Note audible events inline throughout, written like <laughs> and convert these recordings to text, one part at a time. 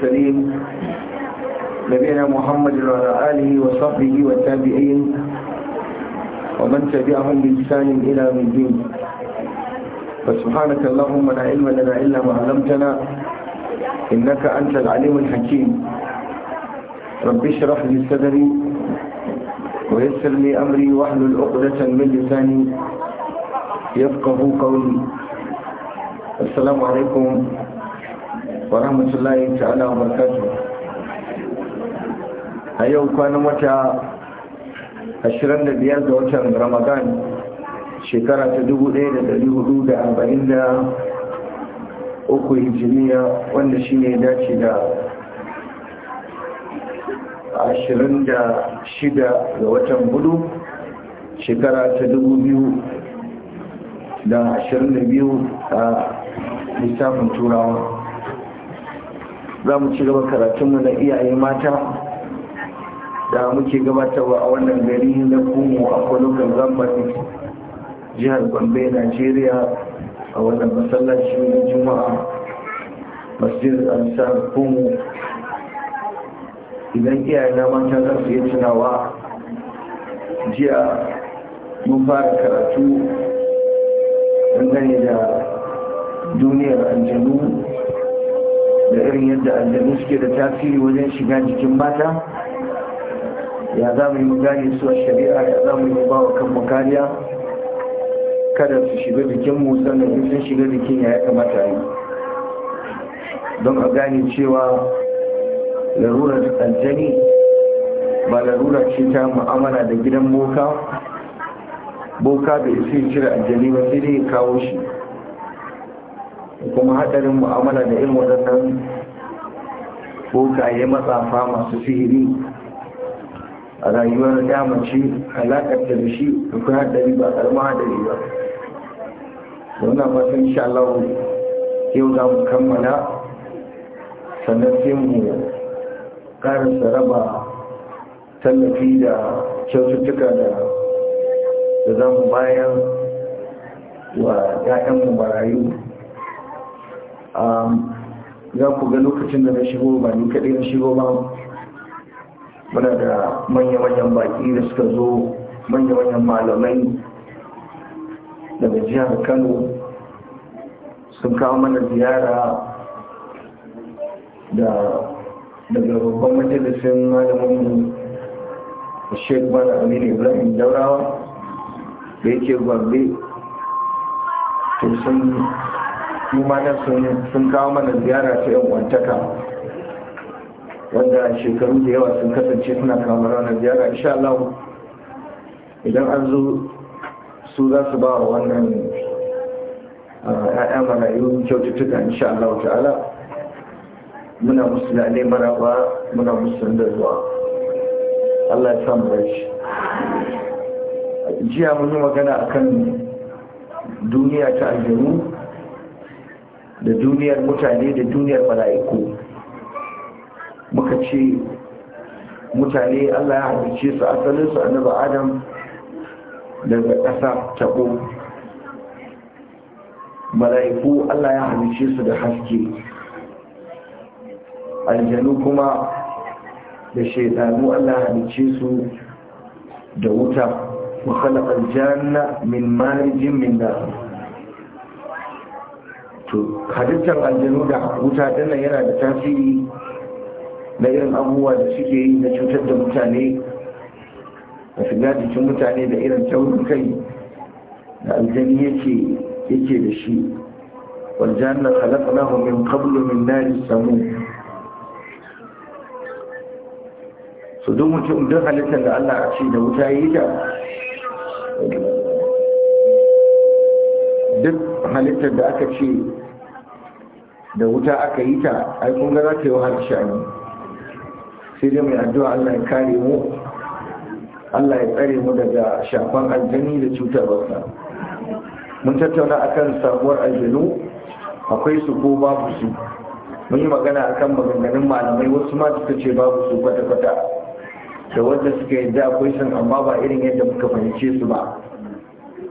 سليم نبينا محمد وعلى آله وصحبه والتابعين ومن تبعهم بإحسان إلى من دين فسبحانك اللهم لا علم لنا إلا ما علمتنا إنك أنت العليم الحكيم رب اشرح لي صدري ويسر لي أمري واحلل عقدة من لساني يفقه قولي السلام عليكم warahmatullahi ta'ala wa barkatu a yau kwanan wata 25 ga watan ramadan shekara ta 1443 hijiriya wanda shi ne dace da 26 ga watan budu shekara ta 2022 a lissafin turawa za mu ci gaba karatunmu na iyaye mata da muke gabatarwa a wannan gari na kumo a kwanukan zamani jihar gombe Najeriya, a wannan masallacin juma'a masjid ansar kumo idan iyaye na mata za su yi tunawa jiya mun fara karatu dangane da duniyar aljanu da irin yadda aljanu suke da tasiri wajen shiga jikin mata ya za mu yi gane su a shari'a ya za mu yi bawa wa makariya kada su shiga jikinmu sannan in sun shiga jikin ya ya kamata yi don a gane cewa larurar aljani ba larura ce ta ma'amala da gidan boka boka da isi cire aljani ba sai dai ya kawo shi kuma hadarin mu'amala da irin waɗannan bukaye matsafa masu sihiri a rayuwar damace alaƙar da shi kuma hadari ba ƙarama hadari ba wannan fatan insha Allah yau za mu kammala sannan sai mu ƙarin raba tallafi da kyaututtuka da da za mu bayan wa 'ya'yanmu mu Um, za ku ga lokacin da na shigo ba ni kaɗai na shigo ba muna da manya-manyan baƙi da suka zo manya-manyan malamai daga jihar kano sun kawo mana ziyara da daga babban majalisun malamin sheik bala aminu ibrahim daurawa da yake gwambe to sun su ma nan sun kawo mana ziyara ta yan wantaka wanda shekaru da yawa sun kasance suna kawo mana ziyara insha Allah idan an zo su za su ba wannan ya'ya ah, marayu kyaututtuka insha Allah ta'ala muna musu da ne maraba muna musu da zuwa Allah ya samu rashi jiya mun yi magana akan duniya ta aljanu da duniyar mutane da duniyar mala'iku muka ce mutane Allah ya halice su asalinsu annaba adam daga ƙasa taɓo mala'iku Allah ya halice su da haske aljanu kuma da shaidanu Allah ya halice su da wuta wa khalaqa aljanna min marijin min nar to halittar aljanu da wuta dana yana da tasiri na irin abubuwa da suke yi na cutar da mutane da shiga jikin mutane da irin taurin kai da aljani yake yake da shi والجنة خلقناه min qabl min نار samu. su duk mutum duk halittar da Allah a ce da wuta yi ta duk halittar da aka ce da wuta aka yi ta ai kun ga ta yi harshe ne sai dai mai addu'a Allah ya kare mu Allah ya tsare mu daga shafan aljani da cutarwarsa mun tattauna akan sabuwar aljanu akwai su ko babu su mun yi magana akan maganganun malamai wasu ma suka ce babu su kwata-kwata da wanda suka yi da akwai sun amma ba irin yadda muka fahimce su ba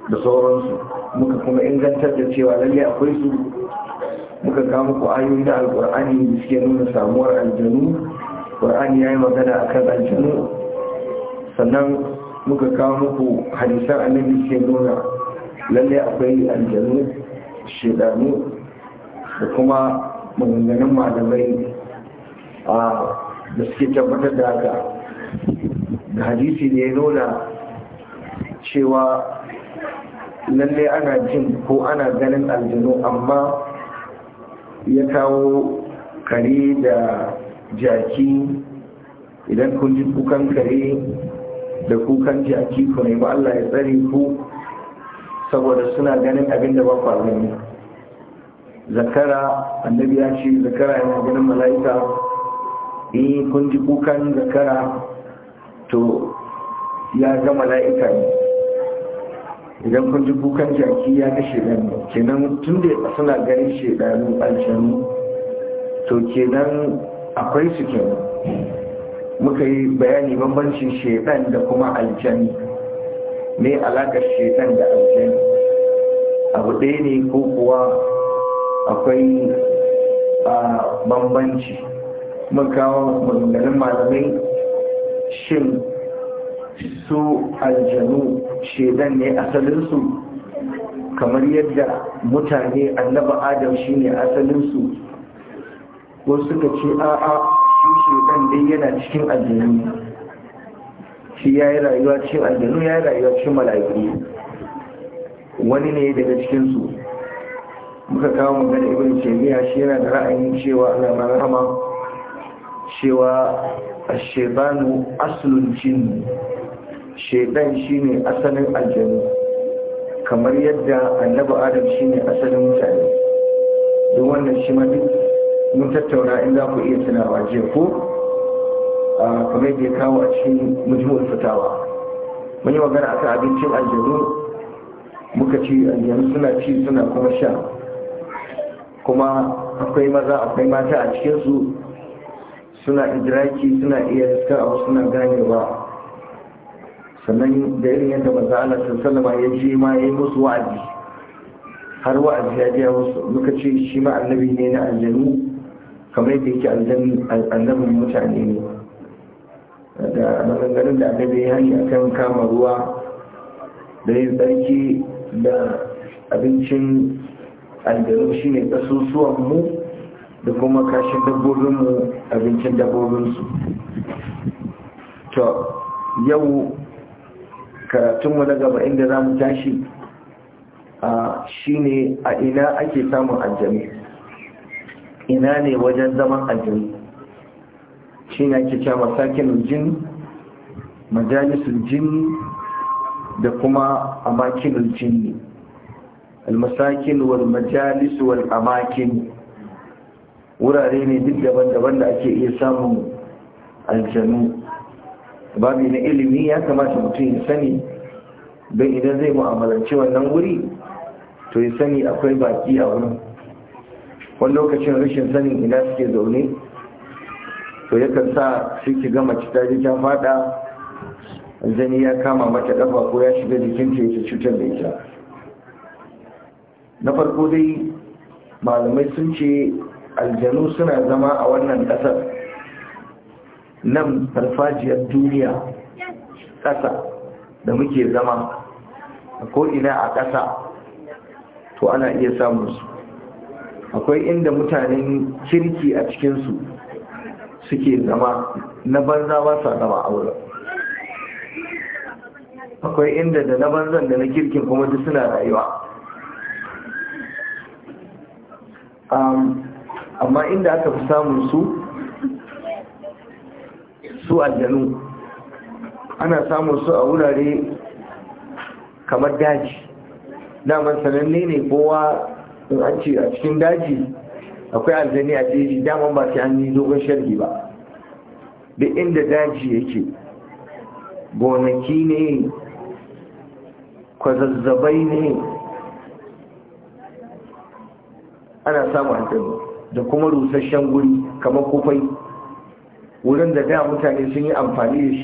da sauransu muka kuma ingantar da cewa lalle akwai su muka kama ku ayoyi Alƙur'ani alkur'ani da suke nuna samuwar aljanu ƙur'ani ya yi magana a kan aljanu sannan muka kama ku hadisan annabi suke nuna lalle akwai aljanu shaidanu, da kuma maganganun malamai da suke tabbatar da haka da hadisi ne ya nuna cewa lalle ana jin ko ana ganin aljanu amma ya kawo kare da jaki idan kun ji kukan kare da kukan jaki ku ba Allah ya tsare ku saboda suna ganin abin da ba ku gani zakara annabi ya ce zakara yana ganin mala'ika in eh, kun ji kukan zakara to ya ga mala'ika ne idan kun ji kukan jaki ya ga shedan kenan tun da suna ganin shedan aljanu to kenan akwai su ke muka yi bayani bambancin shedan da kuma aljani ne alaƙar shedan da aljani abu ɗaya ne ko kuwa akwai a bambanci mun kawo malamai shin su aljanu shedan ne asalinsu kamar yadda mutane annaba adam shi ne asalinsu Ko suka ce a'a shi shedan dai yana cikin aljanu shi ya yi rayuwa cikin aljanu ya yi rayuwa cikin mala'iku wani ne daga cikinsu muka kawo magana ibn shemiya shi yana da ra'ayin cewa ana rahama cewa الشيطان أصل الجن shaidan shine asalin aljanu kamar yadda annabi adam shine asalin mutane duk wannan shi ma duk mun tattauna in za ku iya tunawa jiya ko kamar da ya kawo a cikin mujmul fitawa mun yi magana akan abincin aljanu muka ci aljanu suna ci suna kuma sha kuma akwai maza akwai mata a cikinsu suna idraki suna iya iska abu suna ganewa sannan da yin yadda manzo Allah sallallahu alaihi ya je ma yi musu wa'azi har wa'azi ya biya musu muka ce shi ma annabi ne na aljanu kamar yadda yake annabin mutane ne da maganganun da annabi ya yi akan kama ruwa da yin tsarki da abincin aljanu shine ne mu da kuma kashin dabbobinmu abincin dabbobinsu to yau karatunmu na gaba inda za mu tashi shi ne a ina ake samun aljami ina ne wajen zaman aljami shi ne ake cewa sakin jini majalisun jini da kuma amakinul jini almasakin wal wal amakin wurare ne duk daban-daban da ake iya samun aljanu babi na ilimi ya kamata mutum ya sani don idan zai mu'amalanci wannan wuri to ya sani akwai baki a wurin wani lokacin rashin sanin ina suke zaune to yakan sa su ki gama cita jita fada zani ya kama mata ɗafa ko ya shiga jikinta ya cutar da ita na farko dai malamai sun ce aljanu suna zama a wannan ƙasar. nan farfajiyar duniya ƙasa da muke zama a ko'ina a ƙasa to ana iya samunsu akwai inda mutanen kirki a cikinsu suke zama na banza ba sa zama a wurin akwai inda da na banzan da na kirkin kuma duk suna rayuwa amma inda aka fi samun su su aljanu ana samun su a wurare kamar daji daman sananne ne kowa in an ce a cikin daji akwai aljani a jeji daman ba sai an yi dogon sharhi ba duk inda daji yake gonaki ne kwazazzabai ne ana samun Aljanu. da kuma rusasshen guri kamar kufai wurin da da mutane sun yi amfani da shi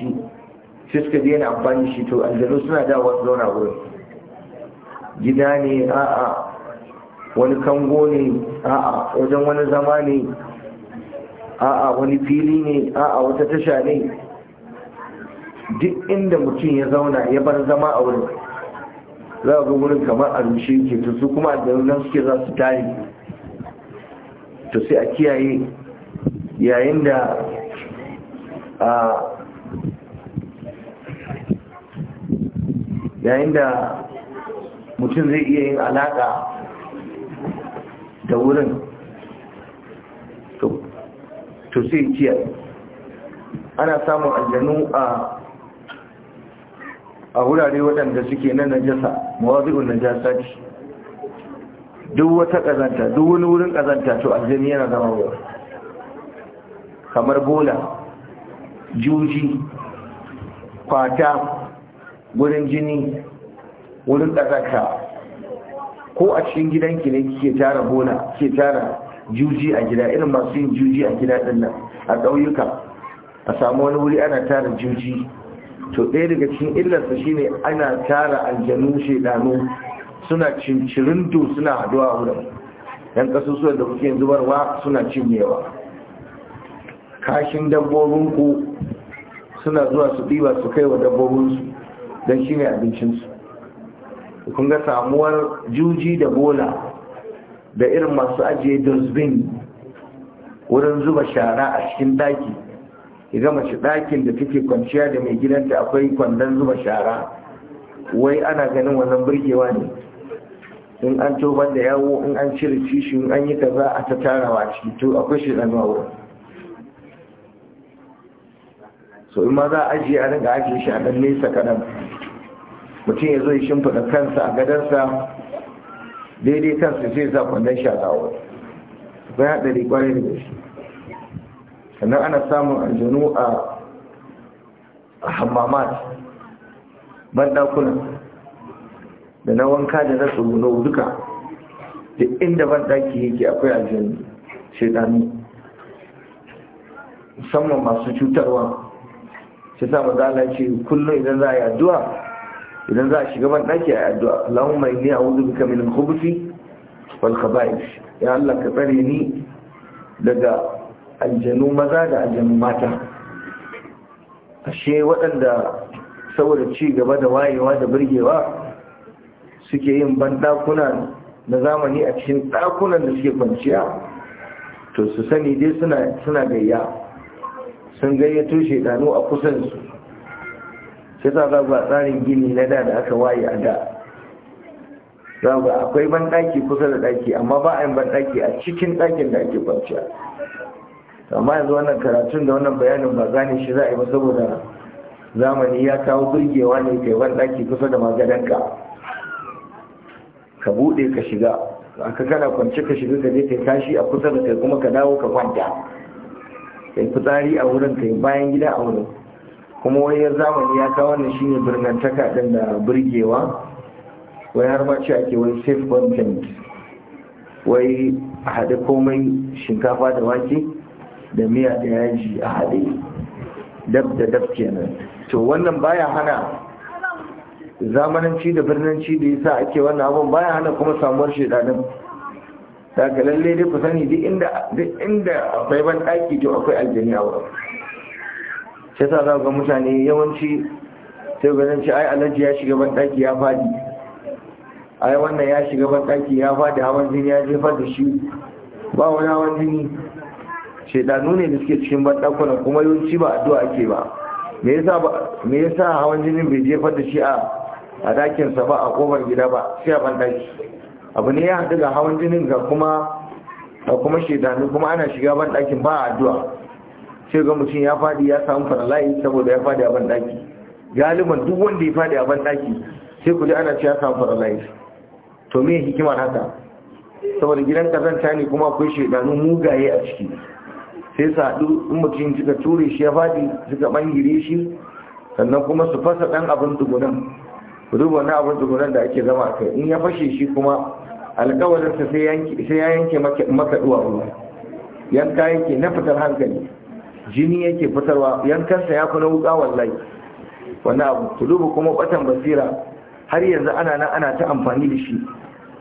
shi suka na amfani shi to aljanu suna da wasu zauna wurin gida ne a'a wani kango ne a'a wajen wani zama ne a'a wani fili ne a'a wata tasha ne duk inda mutum ya zauna ya bar zama a wurin za ga wurin kamar a rushe ke to su kuma aljanu nan suke za su tare to sai a kiyaye yayin da yayin da mutum zai iya yin alaƙa da wurin to sai kiyaye ana samun aljanu a a wurare waɗanda suke na najasa mawazi'un najasa ce duk wata ƙazanta duk wani wurin ƙazanta to aljani yana zama wurin kamar bola juji kwata, wurin jini wurin ɗazaka ko a cikin gidanki ne ke tara bona ke tara juji a gida irin masu yin juji a gida ɗin a ɗauyuka, a samu wani wuri ana tara juji to ɗaya daga cikin illarsa shine ana tara aljanu shedanu suna cincirinto suna haduwa wurin yan kasusuwan da kuke zubarwa suna cinyewa kashin dabbobinku suna zuwa su ɗiba su kai wa dabbobinsu don shi ne abincinsu kun ga samuwar juji da bola da irin masu ajiye dozbin wurin zuba shara a cikin daki ya gama shi dakin da take kwanciya da mai gidanta akwai kwandon zuba shara wai ana ganin wannan birgewa ne in an tobar da yawo in an cire cishi in an yi kaza a ta tarawa ciki to akwai shi ɗanuwa wurin so in ma za a ajiye a dinga ajiye shi a dan nesa kaɗan mutum ya zo ya shimfiɗa kansa a gadarsa daidai kansa sai ku kwandon shi a zawo bai haɗari ƙwarai da shi sannan ana samun aljanu a hammamat bandakunan, da na wanka da na tsoro duka da inda banɗaki yake akwai aljanu shaidanu musamman masu cutarwa sai sa maza ce kullum idan za a yi addu'a idan za a shiga ban ɗaki a yi addu'a mai mai a bika min al-khubuthi wal khaba'ith ya Allah ka tsare ni daga aljanu maza da aljanu mata ashe waɗanda saboda ci gaba da wayewa da burgewa suke yin banɗakuna na zamani a cikin ɗakunan da suke kwanciya to su sani dai suna gayya sun gayyato shaidanu a kusan su shi za ga tsarin gini na da da aka waye a da za ga akwai banɗaki kusa da ɗaki amma ba a yin banɗaki a cikin ɗakin da ake kwanciya amma yanzu wannan karatun da wannan bayanin ba gane shi za a yi ba saboda zamani ya kawo burgewa ne kai banɗaki kusa da magadanka ka buɗe ka shiga aka kana kwance ka shiga ka je kai kashi a kusa da kai kuma ka dawo ka kwanta kai fitsari a wurin kai bayan gida a wurin kuma wani zamani ya kawo wannan shine birnantaka din da burgewa wai har ma ce ake wai safe content wai a haɗe komai shinkafa da wake da miya da yaji a haɗe dab da dab kenan to wannan baya hana zamananci da birnanci da yasa ake wannan abun baya hana kuma samuwar shedanin ta ga lalle dai ku sani duk inda duk inda akwai ban daki to akwai aljani a wurin sai sa za ku ga mutane yawanci sai ganin ci ai alaji ya shiga ban daki ya fadi ai wannan ya shiga ban daki ya fadi hawan jini ya jefar da shi ba wani hawan jini shedanu ne da suke cikin ban dakunan kuma yawanci ba addu'a ake ba me yasa me yasa hawan jini bai jefar da shi a a sa ba a kofar gida ba sai a ban daki abu ne ya haɗu ga hawan jinin ga kuma a kuma shidanu kuma ana shiga ban ɗakin ba addu'a sai ga mutum ya faɗi ya samu faralayi saboda ya faɗi a ban ɗaki galiban duk wanda ya faɗi a ban ɗaki sai ku ji ana ce ya samu faralayi to me hikimar haka saboda gidan kazanta ne kuma akwai shidanu mugaye a ciki sai su haɗu in mutum suka ture shi ya faɗi suka ɓangire shi sannan kuma su fasa ɗan abin dugunan ku duba wani abin dugunan da ake zama a kai in ya fashe shi kuma alkawarinsa sai ya yanke maka duwawu yanka yake na fitar hankali jini yake fitarwa yankansa ya kuna wuka wallahi wani abu tulubu kuma batan basira har yanzu ana nan ana ta amfani da shi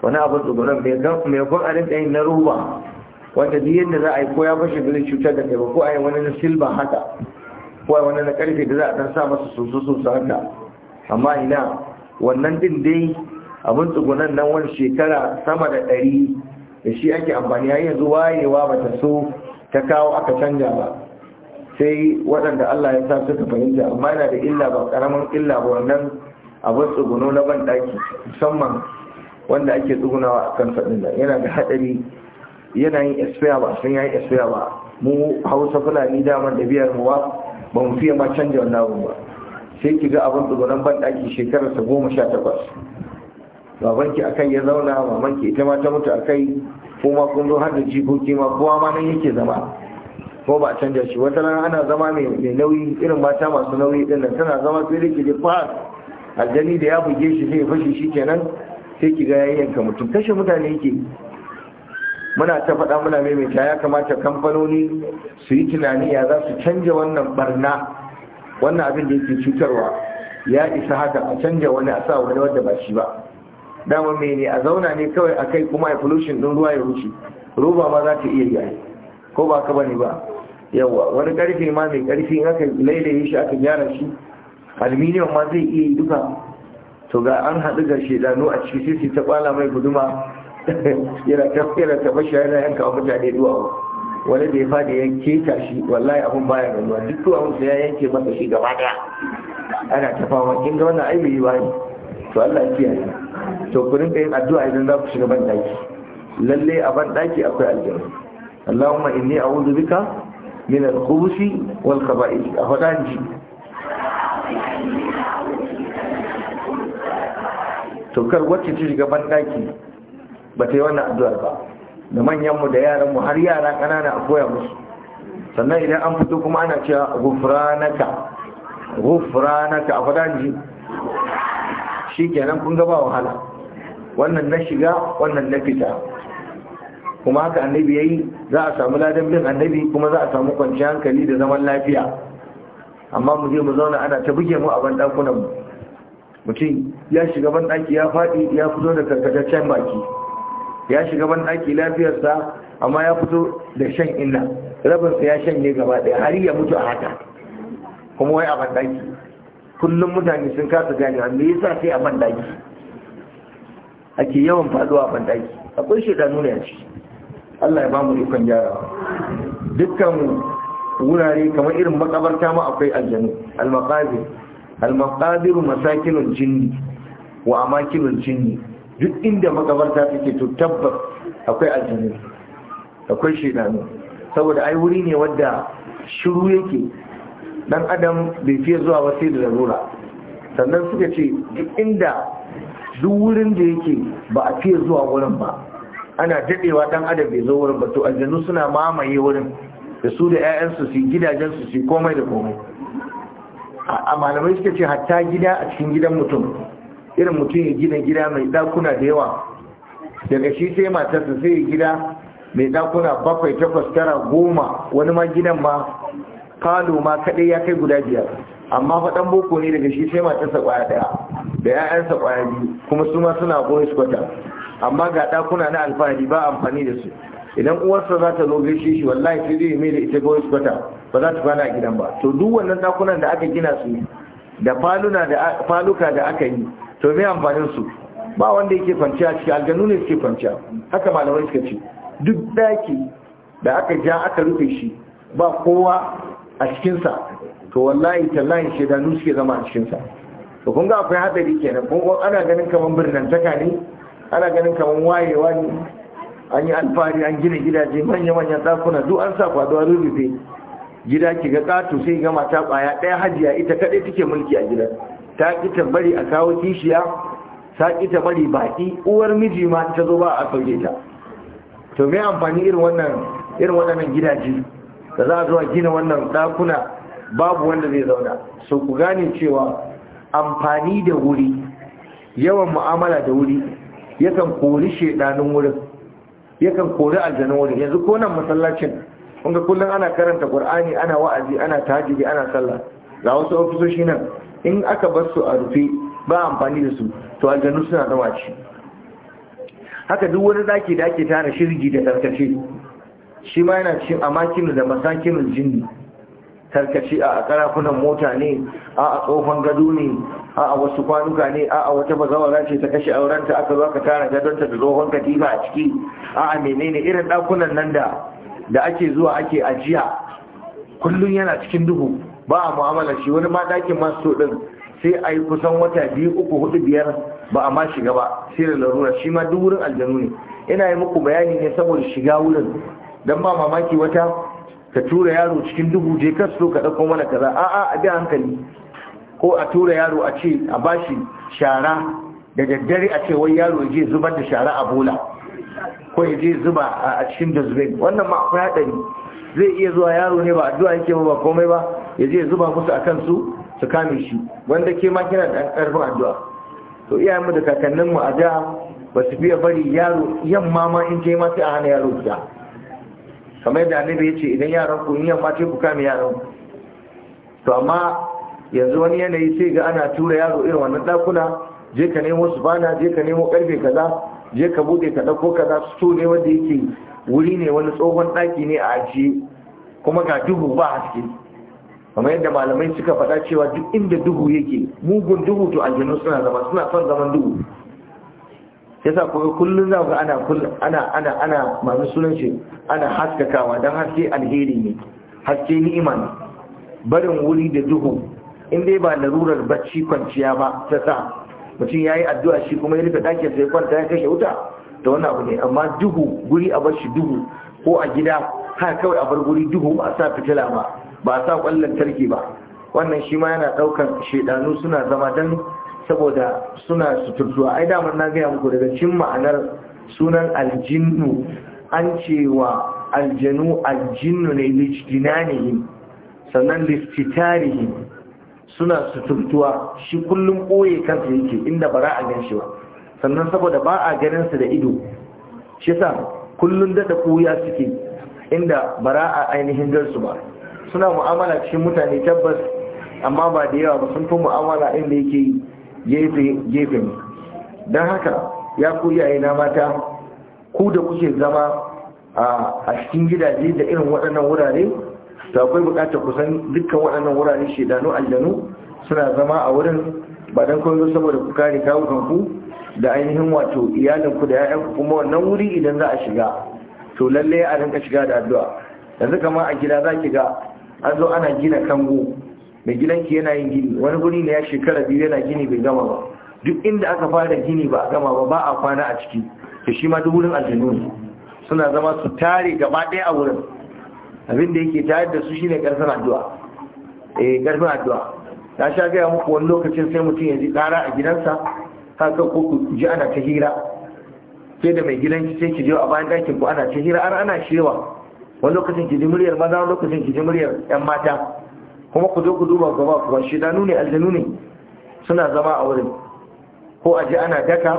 wani abu tsugunan mai kwan alin ɗayin na ruwa wanda duk yadda za a yi ko ya fashe da cutar da kai ko a yi wani na silba haka ko a yi wani na karfe da za a ɗan sa masa sosu sosu haka amma ina wannan din dai abin tsugunan nan wani shekara sama da ɗari da shi ake amfani yi yanzu wayewa ba ta so ta kawo aka canja ba sai waɗanda Allah ya sa suka fahimta amma yana da illa ba ƙaramin illa ba wannan abin tsuguno na ban ɗaki musamman wanda ake tsugunawa a kan faɗin nan yana da haɗari yana yin espiya ba sun yayi espiya ba mu hausa fulani damar da biyar mu ba ba mu fiye ma canja wannan abin ba sai ki ga abin tsugunan ban ɗaki shekararsa goma sha takwas babanki akai ya zauna mamanki ita ma ta mutu akai ma kun zo har da jikoki ma kowa ma nan yake zama ko ba canja shi wata rana ana zama mai nauyi irin mata masu nauyi din nan tana zama sai da da fa aljani da ya buge shi sai ya fashi shi kenan sai ki ga ka mutum kashe mutane yake muna ta faɗa muna maimaita ya kamata kamfanoni su yi tunani ya za su canja wannan barna wannan abin da yake cutarwa ya isa haka a canja wani a sa wani wadda ba shi ba dama mai a zauna ne kawai a kai kuma a pollution ɗin ruwa ya wuce roba ma za ta iya yi ko ba ka bane ba yawa wani karfe ma mai karfi in aka lailaye shi aka gyara shi aluminium ma zai iya yi duka to ga an haɗu ga shedanu a ciki sai ta kwala mai guduma <laughs> yana ta ta bashi yana yanka mutane duwa wani da ya fadi ya keta shi wallahi abun baya ruwa duk tuwa ya yanke masa shi gaba daya ana ta fama kin ga wannan ai mai yi bayi to Allah ya kiyaye to ku rinka yin addu'a idan za ku shiga ban daki lalle a ban daki akwai aljanna Allahumma inni a'udhu bika min al-khubuthi wal khaba'ith a fadan ji to kar wacce ta shiga ban daki ba ta yi wannan addu'ar ba da manyan mu da yaran mu har yara kanana a koya musu sannan idan an fito kuma ana cewa gufranaka gufranaka a fadan ji shi kenan kun gaba wahala wannan na shiga wannan na fita kuma haka annabi ya yi za a samu ladan bin annabi kuma za a samu kwanciyar hankali da zaman lafiya amma mu je mu zauna ana ta buge mu a banɗakunan mu mutum ya shiga banɗaki ya faɗi ya fito da karkataccen baki ya shiga banɗaki lafiyarsa amma ya fito da shan inna rabinsa ya shanye gaba ɗaya har ya mutu a haka kuma wai a banɗaki kullum mutane sun kasa gane me yasa sai a bandaki ake yawan faduwa a bandaki akwai shedanu ne a ciki Allah ya ba mu ikon gyarawa dukkan wurare kamar irin makabarta ma akwai aljanu Almakabi maqabir al-maqabir masakinul wa amakinul jini duk inda makabarta take to tabbas akwai aljanu akwai shedanu saboda ai wuri ne wanda shiru yake dan adam bai fiye zuwa ba sai da larura sannan suka ce duk inda duk wurin da yake ba a fiye zuwa wurin ba ana daɗewa dan adam bai zo wurin ba to aljanu suna mamaye wurin da su da 'ya'yansu su gidajensu su komai da komai a malamai suka ce hatta gida a cikin gidan mutum irin mutum ya gina gida mai dakuna da yawa daga shi sai matarsa sai gida mai dakuna bakwai takwas tara goma wani ma gidan ma kalu ma kadai ya kai guda biyar amma faɗan boko ne daga shi sai matarsa kwaya ɗaya da 'ya'yansa kwaya biyu kuma su ma suna boys quarter amma ga ɗakuna na alfahari ba amfani da su idan uwarsa za ta zo gaishe shi wallahi sai zai mai da ita boys quarter ba za ta kwana a gidan ba to duk wannan ɗakunan da aka gina su da faluna da faluka da aka yi to me amfanin su ba wanda yake kwanciya ciki aljanu ne suke kwanciya haka malamai suka ce duk ɗaki da aka ja aka rufe shi ba kowa a cikinsa to wallahi tallahi shaidanu suke zama a cikinsa to kun ga akwai hadari kenan kun ana ganin kamar birnantaka ne ana ganin kamar wayewa ne an yi alfahari an gina gidaje manya-manyan ɗakuna duk an sa a rurrufe gida ki ga ƙato sai ga mata ƙwaya ɗaya hajiya ita kaɗai take mulki a gidan ta ƙi ta bari a kawo kishiya ta ƙi ta bari baƙi uwar miji ma ta zo ba a sauke ta to me amfani irin wannan irin waɗannan gidaje da za a zuwa gina wannan dakuna babu wanda zai zauna so ku gane cewa amfani da wuri yawan mu'amala da wuri yakan kori shedanin wurin yakan kori aljanin wurin yanzu ko nan masallacin kunga kullum ana karanta qur'ani ana wa'azi ana tahajjudi ana sallah ga wasu ofisoshi nan in aka bar su a rufe ba amfani da su to aljanu suna zama ci haka duk wani daki da ake tana shirgi da tarkace shi ma yana cikin amakinu da masakinul jini tarkaci a karafunan mota ne a tsohon gado ne a wasu kwanuka ne a wata bazawara ce ta kashe aurenta aka zo ka tara gadonta da tsohon katifa a ciki a menene irin ɗakunan nan da da ake zuwa ake ajiya kullum yana cikin duhu ba a mu'amala shi wani ma dakin masu din sai a yi kusan wata biyu uku hudu biyar ba a ma shiga ba sai da larura shi ma duk wurin aljanu ne ina yi muku bayani ne saboda shiga wurin dan ba mamaki wata ka tura yaro cikin dubu je ka so ka dauko mana kaza a a a bi hankali ko a tura yaro a ce a bashi shara da daddare a ce wai yaro je zubar da shara a bola ko ya je zuba a cikin dustbin wannan ma akwai hadari zai iya zuwa yaro ne ba addu'a yake ba komai ba ya je zuba musu akan su su kame shi wanda ke ma kina da karfin addu'a to mu da kakanninmu a da ba su fiye bari yaro yamma ma in kai ma sai a hana yaro gida kamar da annabi ya ce idan yaran ku in yamma ce ku kame yaran ku to amma yanzu wani yanayi sai ga ana tura yaro irin wannan dakuna je ka nemo su bana je ka nemo karfe kaza je ka bude ka dauko kaza su ne wanda yake wuri ne wani tsohon daki ne a ajiye kuma ga duhu ba haske kamar yadda malamai suka faɗa cewa duk inda duhu yake mugun duhu to aljanu suna zama suna son zaman duhu yasa kuma kullum za ku ana ana ana ana masu sunan shi ana haskakawa don haske alheri ne haske ni'ima ne barin wuri da duhu in dai ba larurar bacci kwanciya ba ta sa mutum ya yi addu'a shi kuma ya rufe ɗakin sai kwanta ya kashe wuta da wani abu ne amma duhu guri a bar shi duhu ko a gida har kawai a bar guri duhu ba a sa fitila ba ba a sa kwallon tarki ba wannan shi ma yana ɗaukar shaidanu suna zama don saboda suna suturtuwa ai damar na gaya muku daga cin ma'anar sunan aljinnu an cewa aljanu aljinnu ne lijtinanihim sannan listitarihim suna suturtuwa shi kullum ɓoye kansa yake inda bara a gan ba sannan saboda ba a ganinsa da ido shi sa kullum daɗa ɓuya suke inda bara a ainihin gansu ba suna mu'amala cikin mutane tabbas amma ba da yawa ba sun fi mu'amala inda yake yi. gefe ne don haka ya ku iyaye na mata ku da kuke zama a cikin gidaje da irin waɗannan wurare to akwai buƙatar kusan dukkan waɗannan wurare shedanu aljanu suna zama a wurin ba don saboda ku kare kawukanku da ainihin wato iyalinku da 'ya'yanku kuma wannan wuri idan za a shiga to lallai a rinka shiga da addu'a yanzu kama a gida za ki ga an zo ana gina kango mai gidanki yana yin gini wani guri ne ya shekara biyu yana gini bai gama ba duk inda aka fara gini ba a gama ba ba a kwana a ciki da shi ma duk wurin aljanu ne suna zama su tare gaba ɗaya a wurin abin da yake tayar da su shine karfin addu'a eh karfin addu'a ta sha gaya muku wani lokacin sai mutum ya ji ƙara a gidansa haka ko ku ji ana ta hira sai da mai gidanki sai ki je a bayan dakin ku ana ta hira ana shewa wani lokacin ki ji muryar maza wani lokacin ki ji muryar 'yan mata kuma ku zo ku duba gaba kuwa shidanu ne aljanu ne suna zama a wurin ko a ji ana daka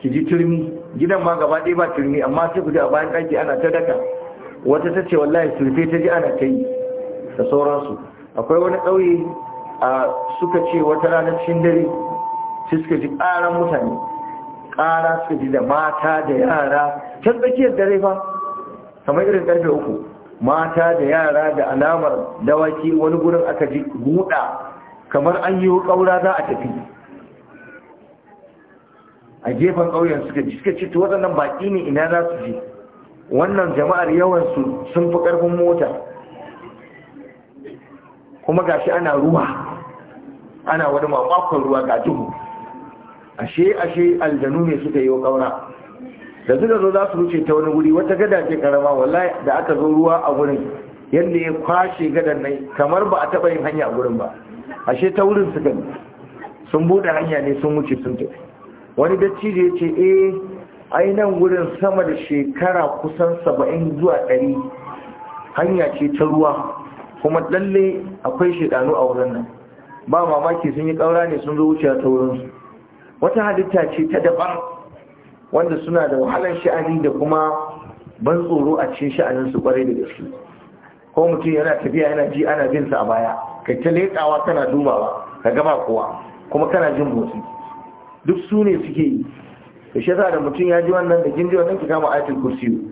ki ji turmi gidan ma gaba ɗaya ba turmi amma sai ku ji a bayan ɗaki ana ta daka wata ta ce wallahi turfe ta ji ana ta yi da sauransu akwai wani ƙauye a suka ce wata ranar cikin dare sai suka ji ƙaran mutane ƙara suka ji da mata da yara can tsakiyar dare fa kamar irin ƙarfe uku mata da yara da alamar dawaki wani gurin aka ji guda kamar an yi kaura za a tafi a gefen kauyen suka ji suka ci waɗannan baƙi ne ina za su ji wannan jama'ar yawansu sun fi ƙarfin mota kuma gashi ana ruwa ana wani mamakon ruwa ga duhu ashe ashe aljanu ne suka yi wa ƙaura da suka zo za su wuce ta wani wuri wata gada ce karama wallahi da aka zo ruwa a wurin yadda ya kwashe gadan nai, kamar ba a taɓa yin hanya a wurin ba ashe ta wurin su gani. sun buɗe hanya ne sun wuce sun tafi wani da ya ce eh ai nan wurin sama da shekara kusan saba'in zuwa ɗari hanya ce ta ruwa kuma ɗalle akwai shekaru a wurin nan ba mamaki sun yi ƙaura ne sun zo wuce ta su. wata halitta ce ta daban wanda suna da wahalar sha'ani da kuma ban tsoro a cikin sha'anin su kwarai da gaske ko mutum yana tafiya yana ji ana bin sa a baya kai ta lekawa kana dubawa ka gaba kowa kuma kana jin motsi duk su ne suke yi da shi da mutum ya ji wannan da kin ji wannan ki kama ayatul kursi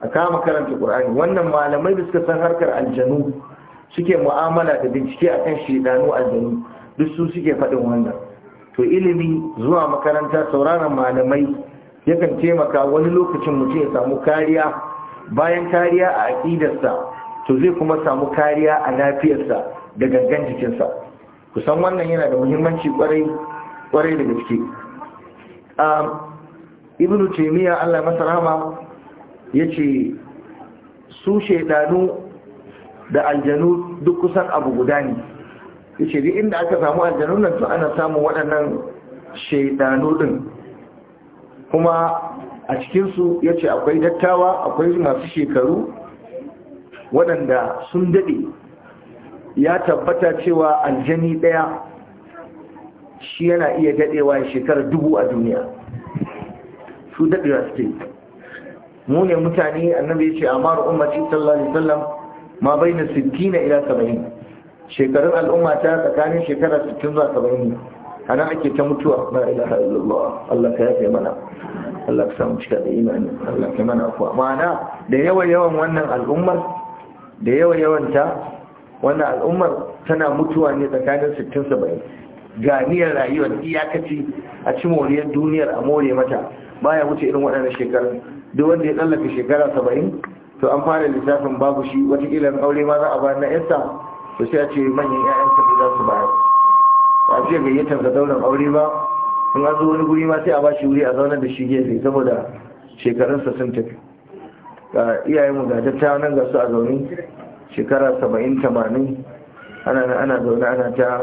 a kama karanta qur'ani wannan malamai da suka san harkar aljanu suke mu'amala da bincike akan shedanu aljanu duk su suke faɗin wannan to ilimi zuwa makaranta sauraron malamai yakan taimaka wani lokacin mutum ya samu kariya bayan kariya a aƙidarsa to zai kuma samu kariya a lafiyarsa da gangan jikinsa kusan wannan yana da muhimmanci kwarai da gaske ibnu taimiyya allah masa rama ya ce su shaidanu da aljanu duk kusan abu guda ne ya ce inda aka samu aljanu nan su ana samun waɗannan shaidanu ɗin kuma a cikinsu ya ce akwai dattawa akwai masu shekaru waɗanda sun daɗe ya tabbata cewa aljani ɗaya shi yana iya daɗewa shekarar dubu a duniya su daɗewa suke mu ne mutane annabi ya ce a umarci sallallahu alaihi wasallam ma bai na 60 ila 70 shekarun al'umma ta tsakanin shekarar 60 zuwa 70 ana ake ta mutuwa la ila illallah Allah ka yafe mana Allah ka samu cika da imani Allah ka mana afuwa ma'ana da yawan yawan wannan al'ummar da yawan yawan ta wannan al'ummar tana mutuwa ne tsakanin 60 70 ganiyar rayuwar iyakaci a moriyar duniyar a more mata baya wuce irin waɗannan shekarun duk wanda ya tsallaka shekara 70 to an fara lissafin babu shi watakila aure ma za a bayar na yasa to sai a ce manyan 'ya'yan ne za su bayar wasu fiye gayyatar ka daular aure ba in an zo wani guri ma sai a bashi wuri a zaunar da shi gefe saboda shekarunsa sun tafi ga iyayenmu ga ta nan ga su a zaune shekara saba'in tamanin ana ana zaune ana ta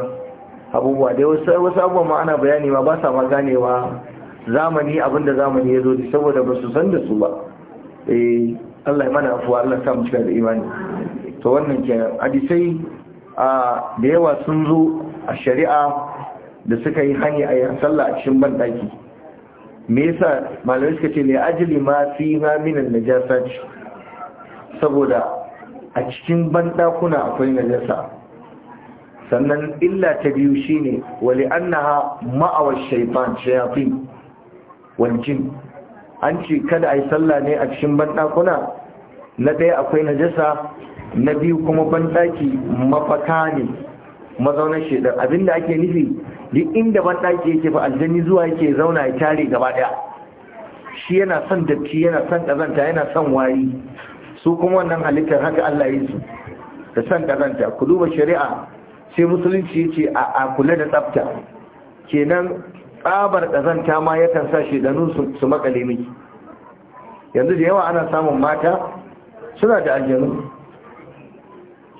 abubuwa dai wasu abubuwa ma ana bayani ma ba sa ma ganewa zamani abinda zamani ya zo saboda ba su san da su ba eh Allah ya mana afuwa Allah ya mu cika da imani to wannan kenan hadisai a ah, da yawa sun zo a shari'a da suka yi hanyar a sallah a cikin banɗaki me yasa malamai suka ce ne ajili ma fi ma minan najasa ce saboda a cikin banɗakuna akwai najasa sannan illa ta biyu shine wali annaha ma'awar shaytan shayatin an ce kada a yi sallah ne a cikin banɗakuna na ɗaya akwai najasa na biyu kuma banɗaki mafaka ne mazaunin shedan abinda ake nufi duk inda ban ɗaki yake fa aljanni zuwa yake zauna ya tare gaba ɗaya shi yana son datti yana son ƙazanta, yana son wari su kuma wannan halittar haka Allah ya su da son ƙazanta. ku duba shari'a sai musulunci ce a kula da tsafta kenan tsabar ƙazanta ma yakan sa shedanu su makale miki yanzu da yawa ana samun mata suna da aljanu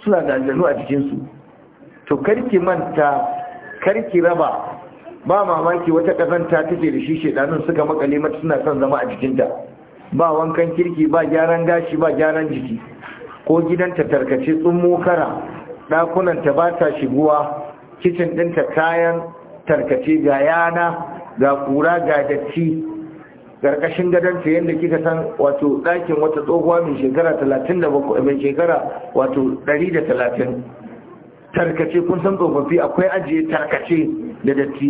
suna da aljanu a jikinsu. to karki manta karki raba ba mamaki wata kazanta take da shi shedanun suka makale mata suna son zama a jikinta ba wankan kirki ba gyaran gashi ba gyaran jiki ko gidanta tarkace tsummo kara ɗakunanta ba ta shiguwa kicin ɗinta kayan tarkace ga yana ga kura ga datti ƙarƙashin gadonta yadda kika san wato ɗakin wata tsohuwa mai shekara 37 mai shekara wato 130 tarkace kun san tsofaffi akwai ajiye tarkace da datti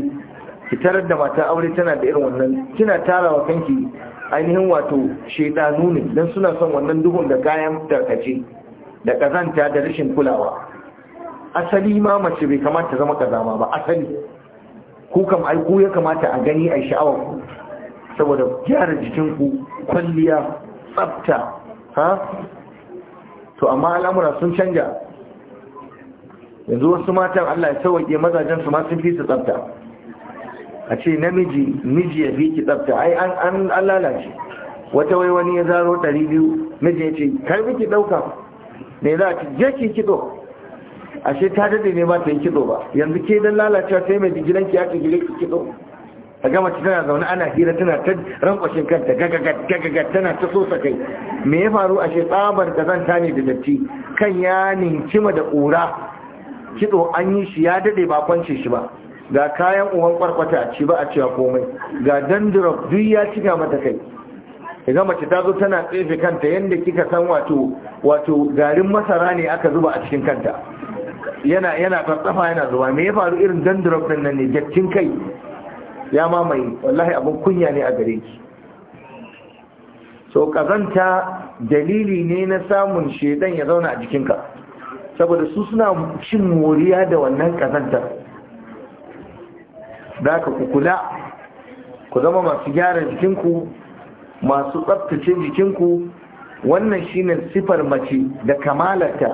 ki tarar da mata aure tana da irin wannan kina tara wa kanki ainihin wato shaidanu ne don suna son wannan duhun da kayan tarkace da kazanta da rashin kulawa asali ma mace bai kamata zama kazama ba asali ku kam ai ku ya kamata a gani a sha'awar ku saboda gyara jikin ku kwalliya tsafta ha to amma al'amura sun canja yanzu wasu matan Allah ya sauke mazajen su ma sun fi su tsafta a ce namiji miji ya fi ki tsafta ai an an lalace wata wai wani ya zaro 200 miji ya ce kar miki dauka me za ki je ki kido ashe ta dade ne ba ta yi kido ba yanzu ke dan lalacewa sai mai gidan ki ya ci gire ki kido a gama ci tana zaune ana hira tana ta rankwashin kanta gagagat tana ta sa kai me ya faru ashe tsabar da zan da datti kan ya ninci da ƙura kido an yi shi ya dade ba kwance shi ba ga kayan uwan kwarkwata a ci ba a cewa komai ga dandruff duk ya ciga mata kai ga mace ta zo tana tsefe kanta yadda kika san wato wato garin masara ne aka zuba a cikin kanta yana yana tsatsafa yana zuba me ya faru irin dandruff din nan ne jaccin kai ya mamaye wallahi abin kunya ne a gare ki so kazanta dalili ne na samun shaidan ya zauna a jikinka saboda su suna cin moriya da wannan kazantar da aka kukula ku zama masu gyara jikinku masu tsabtace jikinku wannan shine sifar mace da kamalarta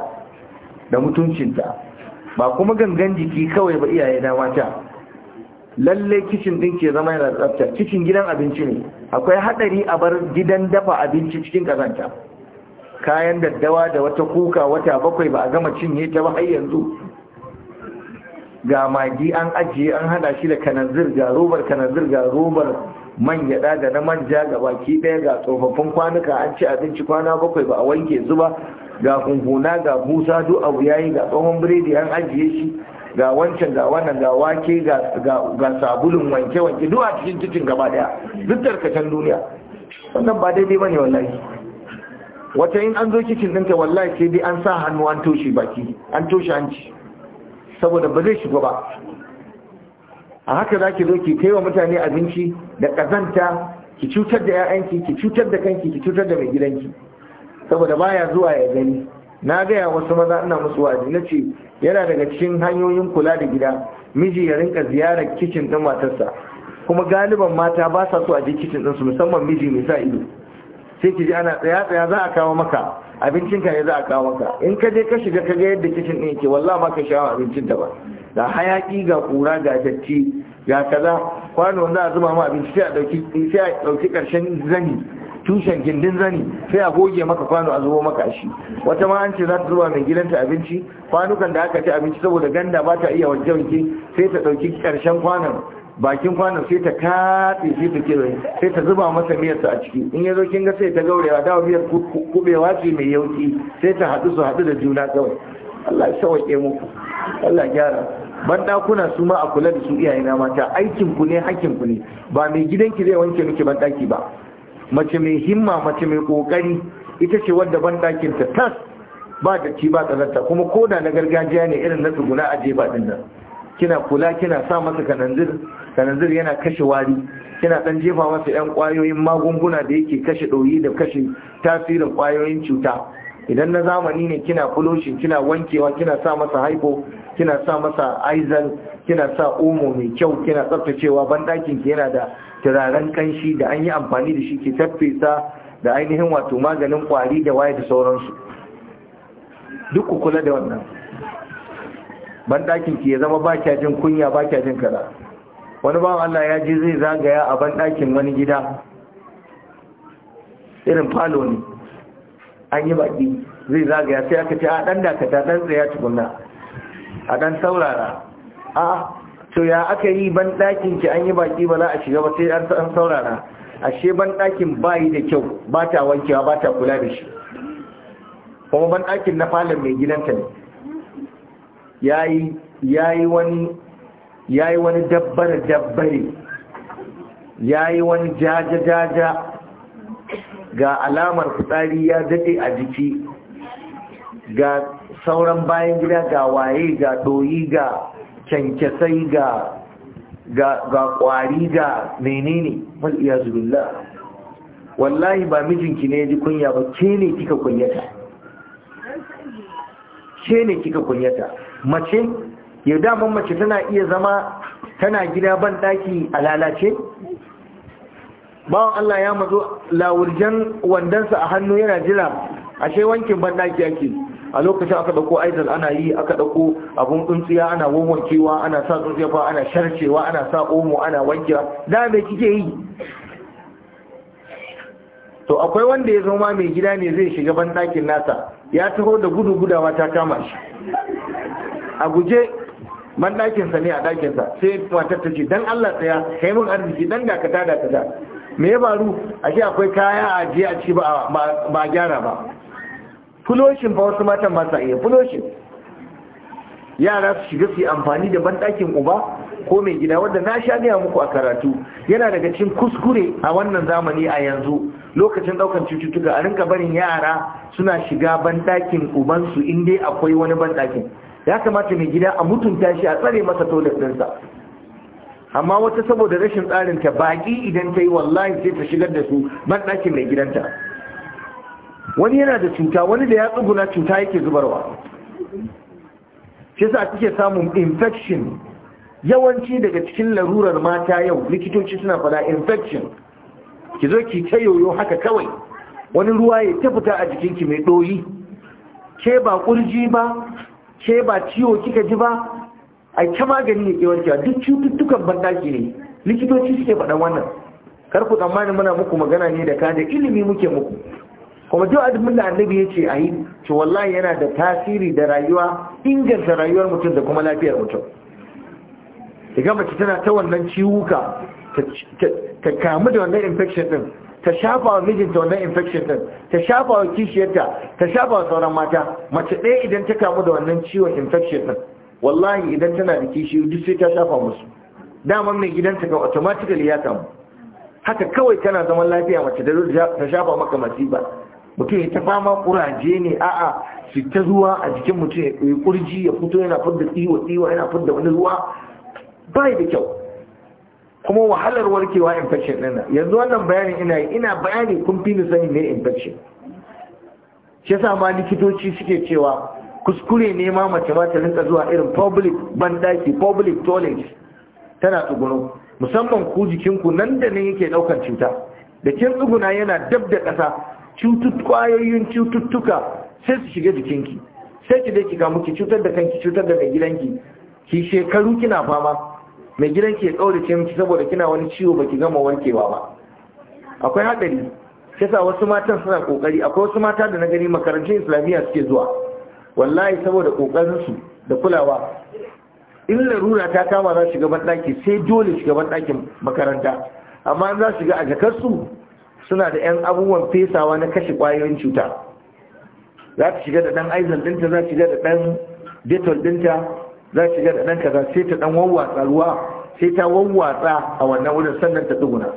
da mutuncinta ba kuma gangan jiki kawai ba iyaye na mata lalle kicin din ke zama yana tsabta kicin gidan abinci ne akwai hadari a bar gidan dafa abinci cikin kazanta kayan daddawa da wata kuka wata bakwai ba a gama cinye ta ba har yanzu ga magi an ajiye an hada shi da kananzir ga robar kananzir ga robar man gyada da na manja ga baki daya ga tsofaffin kwanuka an ci abinci kwana bakwai ba a wanke zuba ga kunkuna ga busa duk abu yayi ga tsohon biredi an ajiye shi ga wancan ga wannan ga wake ga sabulun wanke wanke duk a cikin cikin gaba daya duk tarkacen duniya wannan ba daidai bane wallahi wata yin an zo kicin ɗinka wallahi sai dai an sa hannu an toshe baki an toshe hanci saboda ba zai shiga ba a haka za ki zo ki kai wa mutane abinci da ƙazanta ki cutar da 'ya'yanki ki cutar da kanki ki cutar da mai gidanki saboda baya zuwa ya gani na gaya wasu maza ina musu wa'azi na ce yana daga cikin hanyoyin kula da gida miji ya rinka ziyarar kicin ɗin matarsa kuma galiban mata ba sa so a je kicin ɗinsu musamman miji mai sa ido sai ki ji ana tsaya tsaya za a kawo maka abincin ka ne za a kawo maka in ka je ka shiga ka ga yadda kishin ɗin yake wallahi ba ka shawo abincin da ba da hayaki ga kura ga datti ga kaza kwano za a zuba ma abinci sai a ɗauki sai a ɗauki ƙarshen zani tushen gindin zani sai a goge maka kwano a zubo maka shi wata ma an ce za ta zuba mai gidanta abinci kwanukan da aka ci abinci saboda ganda ba ta iya wajen sai ta ɗauki ƙarshen kwanon bakin kwanan sai ta kaɗe shi ta sai ta zuba masa miyarsa a ciki in ya zo kin ga sai ta gaurewa dawa miyar kubewa ce mai yauki sai ta haɗu su haɗu da juna kawai Allah ya sauke muku Allah gyara ban su ma a kula da su iyaye na mata aikin ku ne hakkin ku ne ba mai gidanki zai wanke miki ban daki ba mace mai himma mace mai kokari ita ce wanda ban dakin ta tas ba da ci ba tsananta kuma koda na gargajiya ne irin na tsuguna a jeba ɗin nan kina kula kina sa masa kananzir kananzir yana kashe wari kina dan jefa masa yan kwayoyin magunguna da yake kashe ɗoyi da kashe tasirin kwayoyin cuta idan na zamani ne kina fuloshin kina wankewa kina sa masa haifo kina sa masa aizal kina sa omo mai kyau kina tsaftacewa banɗakin ki yana da turaren kanshi da an yi amfani da shi ki tafesa da ainihin wato maganin kwari da waye da sauransu duk ku kula da wannan banɗakin ki ya zama ba kya jin kunya ba kya jin kada wani bawan Allah ya ji zai zagaya a banɗakin wani gida irin falo ne an yi baki zai zagaya sai aka ce a ɗan dakata ɗan tsaya tukunna a ɗan saurara a to ya aka yi banɗakin ki an yi baki ba za a shiga ba sai an saurara ashe banɗakin yi da kyau ba ta wankewa ba ta kula da shi kuma banɗakin na falon mai gidanta ne Ya yi wani dabbar dabbar dabbare yayi wani jaja jaja ga alamar fitsari ya dade a jiki ga sauran bayan gida ga waye ga doyi ga kyankyasai ga ga kwari ga menene mal'iya zubillah wallahi ba mijinki ne ji kunya ba ke kika kunyata ne kika kunyata mace ya daman mace tana iya zama tana gida ban daki a lalace bawan Allah ya mazo lawurjan wandansa a hannu yana jira ashe wankin ban daki yake a lokacin aka dauko aizal ana yi aka dauko abun tsuntsiya ana wankewa ana sa tsuntsiya fa ana sharcewa ana sa omo ana wankewa da me kike yi to akwai wanda ya zama mai gida ne zai shiga ban dakin nasa ya taho da gudu gudawa ta kama shi a guje man ɗakinsa ne a ɗakinsa sai matar ta ce dan Allah tsaya kai mun arziki dan da ka da me ya faru a ji akwai kaya a ji a ci ba gyara ba fuloshin ba wasu matan ba sa iya fuloshin yara su shiga su yi amfani da banɗakin uba ko mai gida wanda na sha gaya muku a karatu yana daga cikin kuskure a wannan zamani a yanzu lokacin daukan cututtuka a rinka barin yara suna shiga banɗakin ubansu in dai akwai wani banɗakin ya kamata mai gida a mutunta shi a tsare masa toilet ɗinsa amma wata saboda rashin tsarin ta baƙi idan ta yi wallahi sai ta shigar da su banɗakin mai gidanta wani yana da cuta wani da ya tsuguna cuta yake zubarwa shi sa kike samun infection yawanci daga cikin larurar mata yau likitoci suna fada infection ki zo ki ta yoyo haka kawai wani ruwa ya ta fita a jikinki mai doyi ke ba kurji ba ke ba ciwo kika ji ba a ta magani ya a duk cututtukan bandaki ne likitoci suke faɗan wannan kar tsammanin muna muku magana ne da kada ilimi muke muku kuma duk abin da annabi ya ce a yi to wallahi yana da tasiri da rayuwa inganta rayuwar mutum da kuma lafiyar mutum ga mace tana ta wannan ciwuka ta kamu da wannan infection din ta shafa wa mijinta wannan infection din ta shafa wa kishiyarta ta shafa wa sauran mata mace ɗaya idan ta kamu da wannan ciwon infection din wallahi idan tana da kishi duk sai ta shafa musu daman mai gidanta ga automatically ya kamu haka kawai tana zaman lafiya mace da ta shafa maka masifa mutum ya ta fama kuraje ne a'a su ta ruwa a jikin mutum ya kurji ya fito yana fudda tsiwa tsiwa yana fudda wani ruwa bai da kyau kuma wahalar warkewa infection ɗin yanzu wannan bayanin ina yi ina bayani kun fi ni sani ne infection shi yasa ma likitoci suke cewa kuskure ne ma mace ba ta rinka zuwa irin public bandaki public toilet tana tsuguno musamman ku jikin ku nan da nan yake ɗaukar cuta da kin tsuguna yana dab da ƙasa kwayoyin cututtuka sai su shiga jikinki sai ki dai ki kamu ki cutar da kanki cutar da mai gidanki ki shekaru kina fama mai gidan ke kaurace mace saboda kina wani ciwo baki gama wankewa ba akwai haɗari, kisa wasu matan suna ƙoƙari, akwai wasu mata da na gani makarancin islamiyya suke zuwa wallahi saboda kokarin su da kulawa in larura ta kama za shiga banɗaki sai dole shiga banɗakin makaranta amma za shiga a su, suna da 'yan abubuwan fesawa na kashe ƙwayoyin cuta za ta shiga da ɗan aizan ɗinta za ta shiga da ɗan detol ɗinta za shiga da ɗan kaza sai ta ɗan wawwatsa ruwa sai ta wawwatsa a wannan wurin sannan ta tsuguna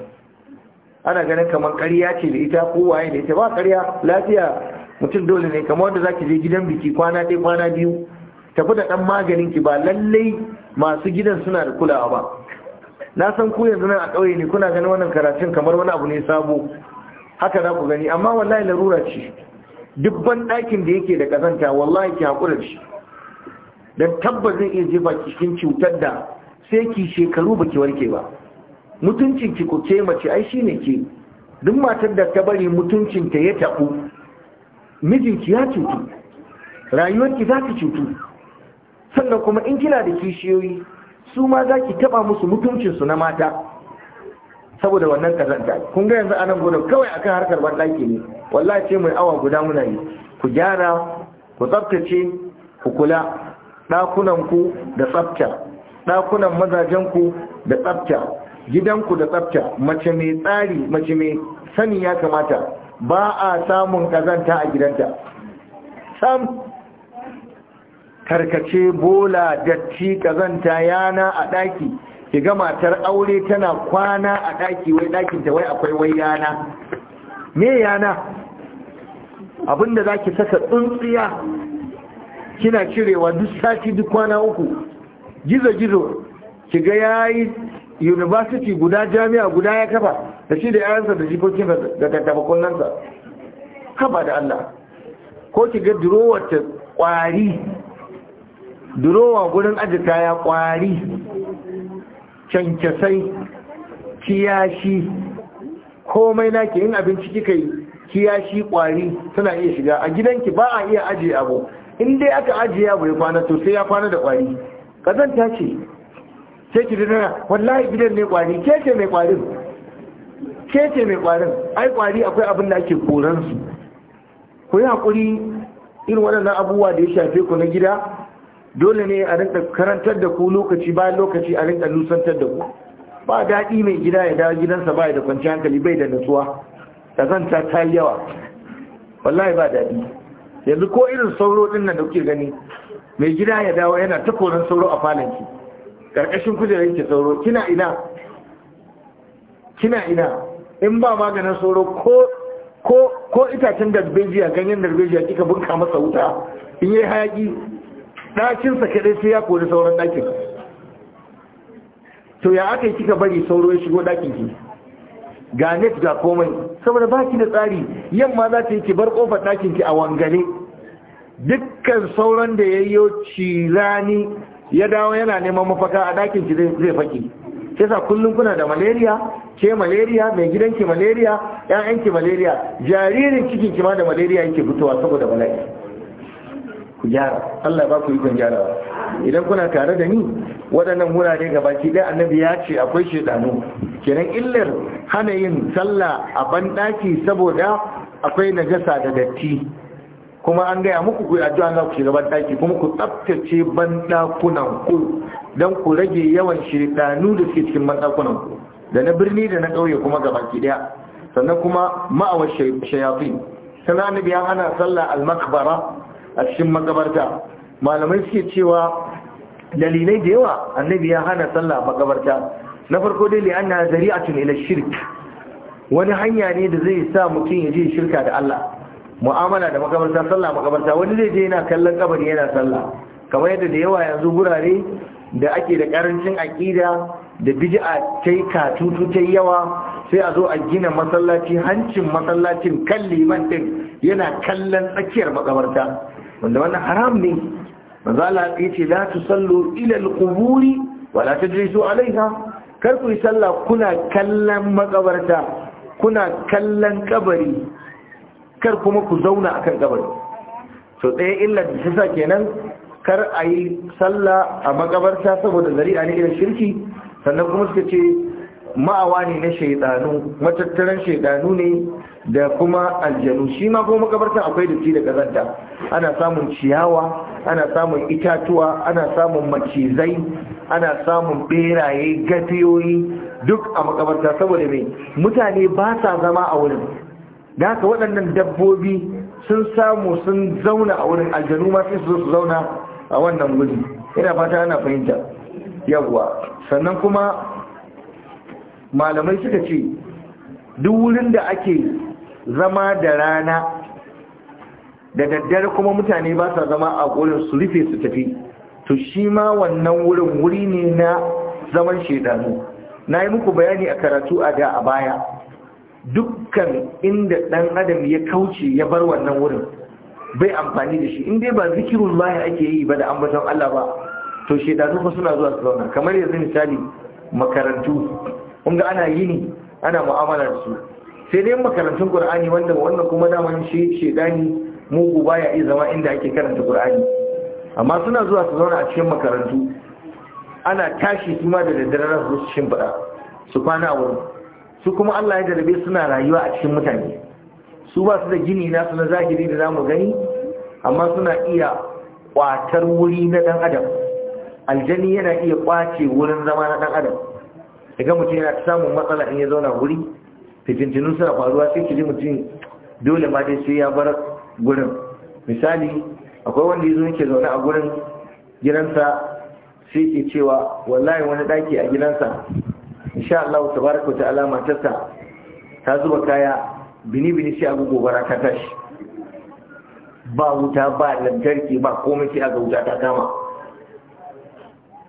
ana ganin kamar ƙarya ce da ita ko waye da ita ba ƙarya lafiya mutum dole ne kamar wanda zaki je gidan biki kwana ɗaya kwana biyu tafi da ɗan maganin ki ba lallai masu gidan suna da kulawa ba na san ku yanzu nan a ƙauye ne kuna ganin wannan karatun kamar wani abu ne sabo haka za ku gani amma wallahi larura ce dubban ɗakin da yake da ƙazanta wallahi ki haƙura da shi don tabba zai iya jefa cikin cutar da sai ki shekaru ba ki warke ba mutuncin ki ko ke mace ai shine ke duk matar da ta bari mutuncin ta ya tabu mijinki ya cutu rayuwarki za ta cutu sannan kuma in kina da kishiyoyi su ma za ki taba musu mutuncinsu na mata saboda wannan kazanta kun ga yanzu anan gudu kawai akan harkar banɗaki ne wallahi ce mai awa guda muna yi ku gyara ku tsaftace ku kula ɗakunanku da tsafta ɗakunan mazajenku da tsafta gidanku da tsafta mace mai tsari mace mai sani ya kamata ba a samun ƙazanta a gidanta sam karkace bola datti ƙazanta yana a ɗaki ki ga matar aure tana kwana a ɗaki wai ɗakinta wai akwai wai yana me yana abinda za ki saka tsuntsiya kina cirewa duk sati duk kwana uku gizo-gizo ki ga ya yi university guda jami'a guda ya kafa da shi da yaransa da jikokin da tattabakunansa kafa da Allah ko kiga durowar ta kwari durowa gudun aji kaya kwari kyankyasai kiyashi komai naki yin abinci kika yi kiyashi kwari suna iya shiga a gidanki ba a iya ajiye abu in dai aka ajiye abu ya kwana to sai ya kwana da kwari kazanta ce sai ki dinara wallahi gidan ne kwari ke ce mai kwarin ke ce mai kwarin ai kwari akwai abin da ake koran su ku yi hakuri irin waɗannan abubuwa da ya shafe ku na gida dole ne a rinka karantar da ku lokaci bayan lokaci a rinka nusantar da ku ba daɗi mai gida ya dawo gidansa ba da kwanciyar hankali bai da nutsuwa kazanta ta yi yawa wallahi ba daɗi yanzu ko irin sauro din nan da kuke gani mai gida ya dawo yana ta koran sauro a falanki karkashin kujerar ki sauro kina ina kina ina in ba maganin sauro ko ko ko itacen darbejiya ganyen darbejiya kika bunka masa wuta in yayi hayaki ɗakinsa sa kadai sai ya kori sauran ɗakin to ya aka yi kika bari sauro ya shigo ɗakin ki ga net ga komai saboda baki da tsari yamma za ta yi ki bar kofar ɗakin ki a wangale dukkan sauran da ya yi cirani ya dawo yana neman mafaka a ɗakin ki zai faki ke sa kullum kuna da malaria ke malaria mai gidanki malaria 'ya'yanki malaria jaririn cikin ki ma da malaria yake fitowa saboda bala'i ku gyara Allah ba ku yi kun gyara idan kuna tare da ni waɗannan wurare ga baki ɗaya annabi ya ce akwai shaidanu kenan illar hana yin sallah a banɗaki saboda akwai najasa da datti kuma an gaya muku ku addu'a za ku shiga banɗaki kuma ku tsaftace banɗakunan ku don ku rage yawan shaidanu da suke cikin banɗakunan ku da na birni da na ƙauye kuma ga baki ɗaya sannan kuma ma'awar shayafi sannan annabi ya hana sallah al-makbara a cikin makabarta malamai suke cewa dalilai da yawa annabi ya hana sallah a makabarta na farko dai li'anna zari'atun ila shirk wani hanya ne da zai sa mutum ya je shirka da Allah mu'amala da makabarta sallah makabarta wani zai je yana kallon kabari yana sallah kamar yadda da yawa yanzu gurare da ake da karancin aqida da bid'a tai ka tutu ta yawa sai a zo a gina masallaci hancin masallacin kan liman din yana kallon tsakiyar makabarta wanda wannan haram ne manzo Allah ya ce la tusallu ila alquburi wa la tajlisu alaiha kar ku yi sallah kuna kallon makabarta kuna kallon kabari kar kuma ku zauna akan kabari to ɗaya illar da ta kenan kar a yi sallah a makabarta saboda zari'a ne irin shirki sannan kuma suka ce ma'awa ne na shaidanu matattaran shaidanu ne da kuma aljanu shi ma kuma makabarta akwai da da gazanta ana samun ciyawa ana samun itatuwa ana samun macizai ana samun beraye gafiyoyi duk a makabarta saboda mai mutane ba sa zama a wurin da haka waɗannan dabbobi sun samu sun zauna a wurin aljanu ma sai su zauna a wannan guri ina fata ana fahimta yawwa sannan kuma malamai suka ce duk wurin da ake zama da rana da daddare kuma mutane ba sa zama a wurin su rufe su tafi to shi ma wannan wurin wuri ne na zaman shedanu na yi muku bayani a karatu a da a baya dukkan inda ɗan adam ya kauce ya bar wannan wurin bai amfani da shi in dai ba zikirun lahi ake yi ba da ambatan Allah ba to shedanu fa suna zuwa su zauna kamar yanzu misali makarantu kun ana yini ana mu'amalar su sai dai makarantun ƙur'ani wanda wannan kuma daman shi shedani mugu ya iya zama inda ake karanta ƙur'ani. amma suna zuwa su zauna a cikin makarantu ana tashi su da daddare za su su shimfiɗa su kwana a wurin su kuma Allah ya jarabe suna rayuwa a cikin mutane su ba su da gini na su na zahiri da zamu gani amma suna iya kwatar wuri na dan adam aljani yana iya kwace wurin zama na dan adam daga mutum yana samun matsala in ya zauna wuri fitintinu suna faruwa sai ki ji mutum dole ma dai sai ya bar gurin misali akwai wanda yazo yake zaune a gurin gidansa sai ke cewa wallahi wani daki a gidansa insha Allah tabaraka wa ta'ala matarsa ta zuba kaya bini bini sai abu gobara ka tashi ba wuta ba lantarki ba komai sai ga wuta ta kama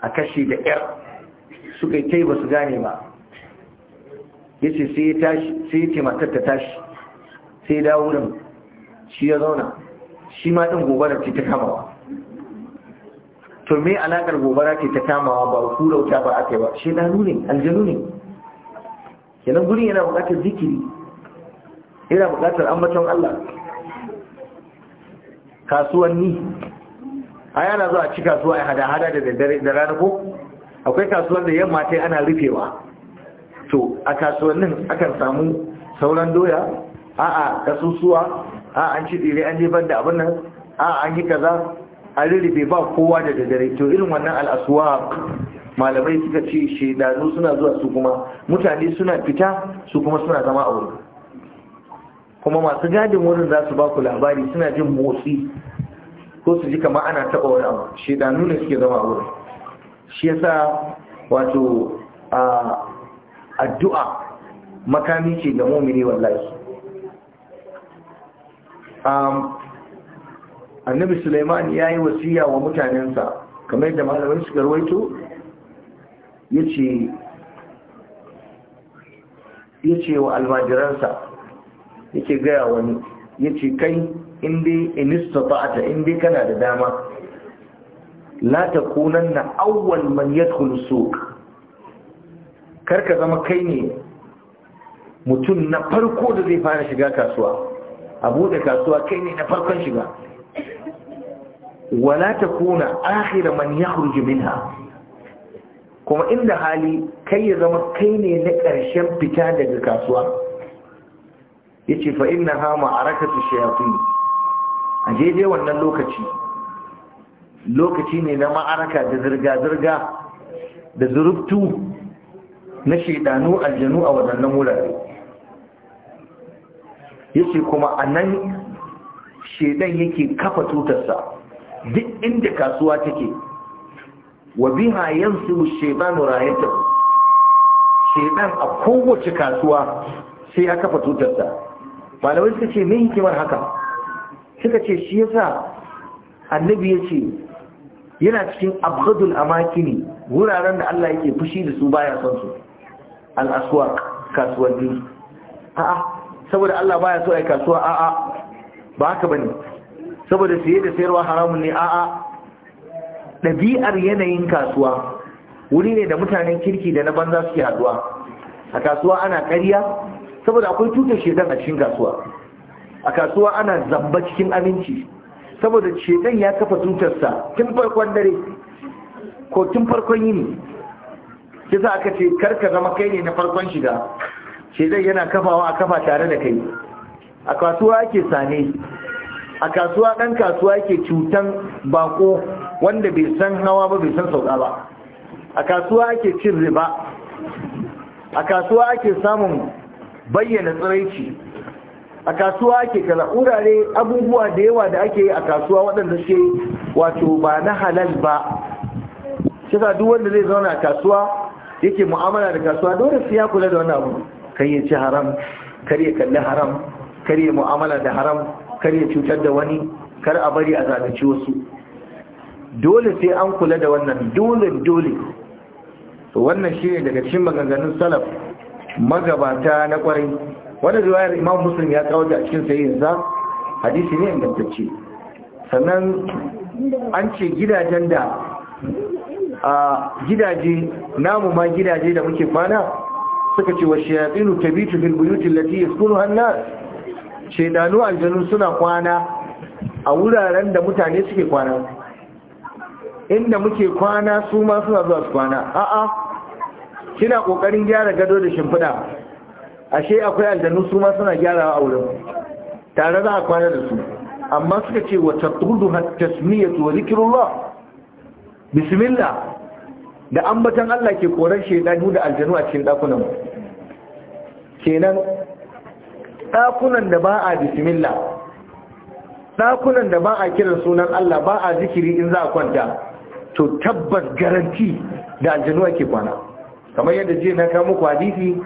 a kashe da yar suka yi kai ba su gane ba ya ce sai ya ce matar ta tashi sai dawo nan shi ya zauna shi ma ɗin gobara ce ta kamawa to me alaƙar gobara ce ta kamawa ba ku rauta ba aka yi ba shi ɗanu ne aljanu ne yanan guri yana buƙatar zikiri yana buƙatar ambaton Allah kasuwanni a yana zuwa ci kasuwa a hada-hada da daddare da ko akwai kasuwar da yamma ta ana rufewa to a kasuwannin akan samu sauran doya a'a kasusuwa a an ci dire an jefar da abin nan a an yi kaza a bai ba kowa da dare. to irin wannan al'asuwa malamai suka ce shedanu suna zuwa su kuma mutane suna fita su kuma suna zama a wurin kuma masu gadin wurin za su ba ku labari suna jin motsi ko su ji kama ana taɓa wani abu shedanu ne suke zama a wurin shi yasa wato a addu'a makami ce ga mumini wallahi um, annabi suleiman ya yi wasiya wa mutanensa kamar da malamai su garwaito ya ce wa almajiransa ya ce gaya wani ya ce kai inda inista ta inda kana da dama la ta kunan na awwal man yadkhulu kar ka zama kai ne mutum na farko da zai fara shiga kasuwa a bude kasuwa kai ne na farkon shiga wala ta kuna akhira man yakhruju minha kuma inda hali kai ya zama kai ne na ƙarshen fita daga kasuwa yace fa ha ma'arakatu shayatin a jeje wannan lokaci lokaci ne na ma'araka da zirga zirga da zurubtu na shaidanu aljanu a waɗannan wurare yake kuma a nan shaidan yake kafa tutarsa duk inda kasuwa take wa biha yansu shaidanu rayata shaidan a kowace kasuwa sai ya kafa tutarsa malamai suka ce me hikimar haka suka ce shi yasa annabi ya ce. yana cikin abghadul amakini wuraren da Allah yake fushi da su baya son su al'aswak kasuwanni a'a saboda Allah baya so yi kasuwa a'a ba haka ba ne saboda siye da sayarwa haramun ne a'a ɗabi'ar yanayin kasuwa wuri ne da mutanen kirki da na banza suke haduwa a kasuwa ana ƙarya saboda akwai tutar shedan a cikin kasuwa a kasuwa ana zamba cikin aminci saboda shedan ya kafa tutarsa tun farkon dare ko tun farkon yini kisa aka ce karka zama kai ne na farkon shiga Shi zai yana kafawa a kafa tare da kai a kasuwa ake sane a kasuwa ɗan kasuwa ke cutan bako wanda bai san hawa ba bai san sauka ba a kasuwa ake cin riba a kasuwa ake samun bayyana tsiraici a kasuwa ake kala abubuwa da yawa da ake yi a kasuwa waɗanda suke wato ba na halal ba shi duk wanda zai zauna a kasuwa yake mu'amala da kasuwa dole sai ya kula da wannan abu kan ya ci haram kar ya kalli haram kar ya mu'amala da haram kar ya cutar da wani kar a bari a zalunci wasu dole sai an kula da wannan dole dole wannan shine daga cikin maganganun salaf magabata na kwarai wanda riwayar imam muslim ya kawo da cikin sa, hadisi ne ingantacce sannan an ce gidajen da a gidaje namu ma gidaje da muke kwana suka ce wa shayatinu tabitu fil buyuti lati yaskunu an-nas shedanu aljanu suna kwana a wuraren da mutane suke kwana inda muke kwana su ma suna zuwa su kwana a'a kina kokarin gyara gado da shimfiɗa ashe akwai aljanu su ma suna gyarawa a wurin tare za a kwana da su amma suka ce wa hatta tasmiyatu wa zikrullah bismillah da ambatan Allah ke koran shaidanu da aljanu a cikin dakunan kenan dakunan da ba a bismillah dakunan da ba a kiran sunan Allah ba a zikiri in za a kwanta to tabbas garanti da aljanu ke kwana kamar yadda jiya na kawo muku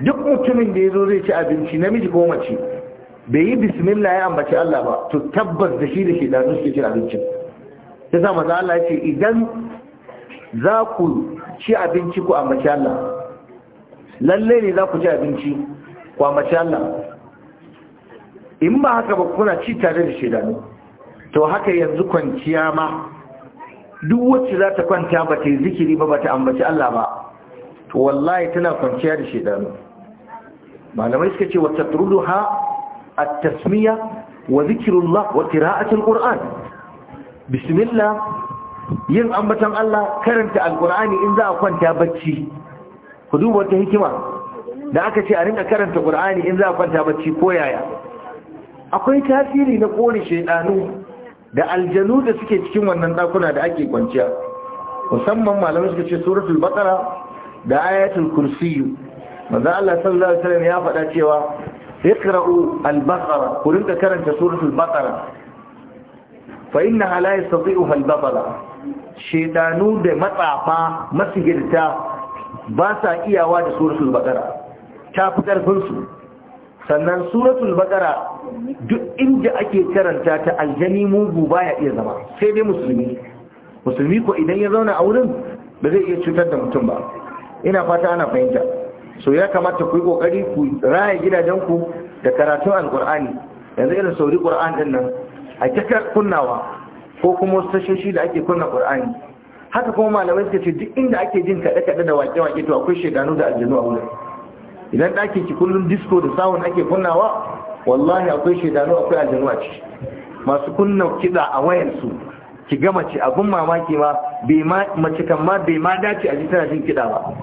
duk mutumin da ya zo zai ci abinci namiji ko mace bai yi bismillah ya ambaci Allah ba to tabbas da shi da shaidanu suke cin abincin ya sa maza Allah ce idan za ku ci abinci ku ambaci Allah lalle ne za ku ci abinci ku ambaci Allah in ba haka ba kuna ci tare da shedanu to haka yanzu kwanciya ma duk wacce za ta kwanta ba ta yi zikiri ba ba ta ambaci Allah ba to wallahi tana kwanciya da shedanu malamai suka ce wata turuduha a tasmiya wa zikirullah wa kira'atul qur'an bismillah yin ambatan Allah karanta alkur'ani in za a kwanta bacci ku duba wata hikima da aka ce a rinka karanta qur'ani in za a kwanta bacci ko yaya akwai tasiri na kore shaidanu da aljanu da suke cikin wannan dakuna da ake kwanciya musamman malamai suka ce suratul baqara da ayatul kursi manzo Allah sallallahu alaihi wasallam ya faɗa cewa iqra'u al-baqara ku rinka karanta suratul baqara fa inna hala yastati'u hal babala da matsafa masigirta ba sa iyawa da suratul bakara ta fi karfin su sannan suratul baqara duk inda ake karanta ta aljani mugu baya iya zama sai dai musulmi musulmi ko idan ya zauna a wurin ba zai iya cutar da mutum ba ina fata ana fahimta so ya kamata ku yi kokari ku raya gidajenku da karatun alkur'ani yanzu irin sauri ƙur'ani din nan a ta kunnawa ko kuma wasu tashoshi da ake kunna ƙur'ani haka kuma malamai suka ce duk inda ake jin kaɗe-kaɗe da waƙe-waƙe to akwai shaidanu da aljanu a wurin idan ɗakin ki kullum disco da sawun ake kunnawa wallahi akwai shaidanu akwai aljanu a ciki masu kunna kiɗa a wayansu ki gama ce, abin mamaki ma mace kan ma bai ma dace a ji tana jin kiɗa ba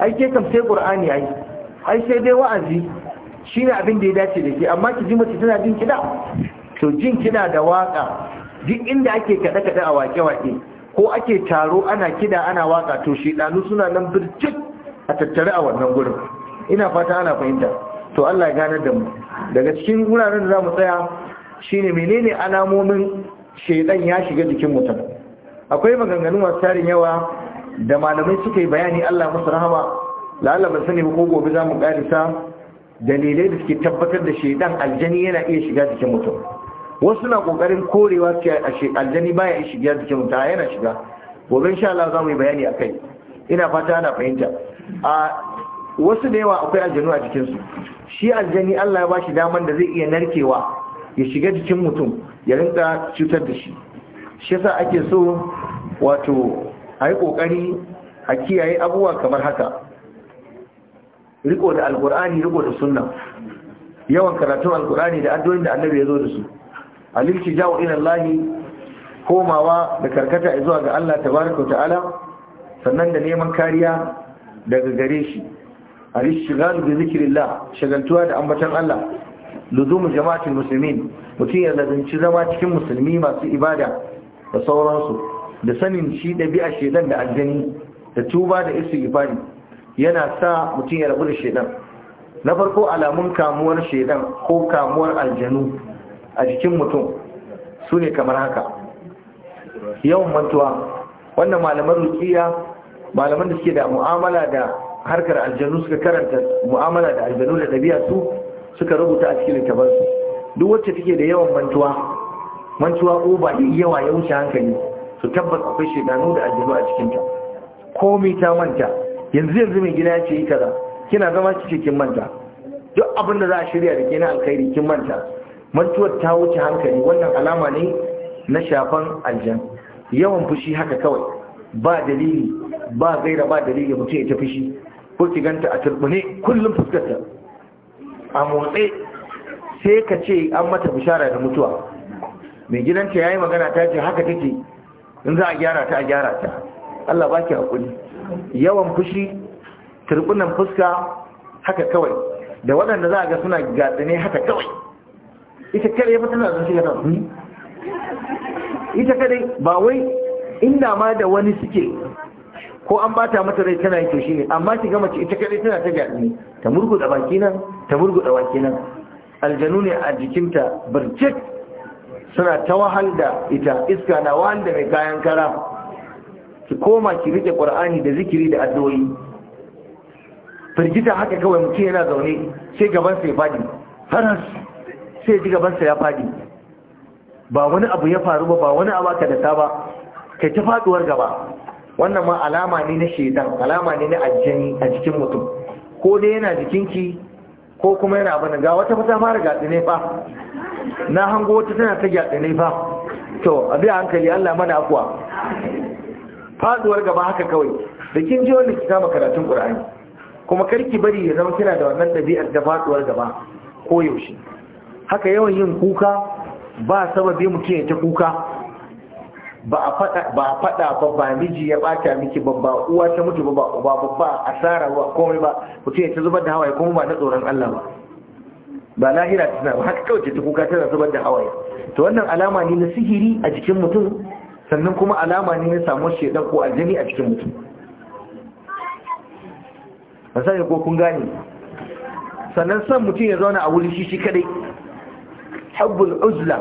ai ke kam sai qur'ani ai ai sai dai wa'azi shine abin da ya dace da ke amma ki ji mace tana jin kiɗa to jin kina da waka duk inda ake kada kada a wake wake ko ake taro ana kida ana waka to shedanu suna nan birjik a tattare a wannan gurin ina fata ana fahimta to Allah ya ganar da mu daga cikin wuraren da zamu tsaya shine menene alamomin shedan ya shiga jikin mutum akwai maganganun wasu tarin yawa da malamai suka yi bayani Allah musu rahama la'alla ban sani ko gobe zamu karisa dalilai da suke tabbatar da shedan aljani yana iya shiga jikin mutum wasu na kokarin korewa ce a aljani baya shiga jikin mutum yana shiga gobe insha Allah za mu yi bayani akai ina fata ana fahimta a wasu da yawa akwai aljanu a jikin su shi aljani Allah ya bashi daman da zai iya narkewa ya shiga jikin mutum ya rinka cutar da shi shi yasa ake so wato a yi kokari a kiyaye abubuwa kamar haka riko da alkur'ani riko da sunna yawan karatun alkur'ani da addu'o'in da annabi ya zo da su alilki jawo ila komawa da karkata zuwa ga Allah tabaraka ta'ala sannan da neman kariya daga gare shi al-ishghal bi zikrillah shagaltuwa da ambaton Allah luzum jama'atul muslimin mutum ya lazanci zama cikin musulmi masu ibada da sauransu da sanin shi dabi'a shedan da aljani da tuba da isu istighfari yana sa mutum ya rabu da shedan na farko alamun kamuwar shedan ko kamuwar aljanu a jikin mutum su ne kamar haka yawan mantuwa wannan malaman rukiya malaman da suke da mu'amala da harkar aljanu suka karanta mu'amala da aljanu da ɗabi'a su suka rubuta a cikin su duk wacce take da yawan mantuwa mantuwa uba yawa ya wuce hankali su tabbas akwai shekaru da aljanu a cikinta komai ta manta yanzu yanzu mai gida ya ce yi kaza kina zama cikin kin manta duk abin da za a shirya da ke na alkhairi kin manta mantuwar ta wuce hankali wannan alama ne na shafan aljan yawan fushi haka kawai ba dalili ba gaira ba dalili mutum ya ta fushi ko ki ganta a turbune kullum fuskarta a motsi sai ka ce an mata bishara da mutuwa mai gidanta ya yi magana ta ce haka take in za a gyara ta a gyara ta Allah ba ki hakuri yawan fushi turbunan fuska haka kawai da waɗanda za a ga suna gatsane haka kawai ita kare ya fata da hmm? ita kare ba wai inda ma da wani suke ko an bata mata rai tana yake shi ne amma gama ce ita kare tana ta gyaɗi ta murgu da baki nan ta murgu da baki nan aljanu ne a jikinta barcik suna ta wahal da ita iska na wahal da mai kayan kara ki koma ki rike qur'ani da zikiri da addu'o'i firgita haka kawai mutum yana zaune sai gaban sai fadi har. sai ji gabansa ya fadi ba wani abu ya faru ba ba wani abu aka da ta ba kai ta faduwar gaba wannan ma alama ne na shedan alama ne na ajiyani a jikin mutum ko dai yana jikinki ko kuma yana abin ga wata fata mara ne ba, na hango wata tana ta ne ba, to a biya hankali Allah mana afuwa faduwar gaba haka kawai da kin ji wani kita karatun ƙura'ani kuma karki bari ya zama kina da wannan ɗabi'ar da faduwar gaba ko yaushe haka yawan yin kuka ba sababi mutum ya ta kuka ba a fada ba ba miji ya bata miki ba ba uwa ta mutu ba ba ba ba tsara ba komai ba mutum ya ta zubar da hawaye kuma ba na tsoron Allah ba ba lahira ta ba haka kawai ta kuka tana zubar da hawaye to wannan alama ne na sihiri a jikin mutum sannan kuma alama ne na samun shedan ko aljani a jikin mutum ba ko kun gane sannan san mutum ya zauna a wuri shi shi kadai hubbul uzla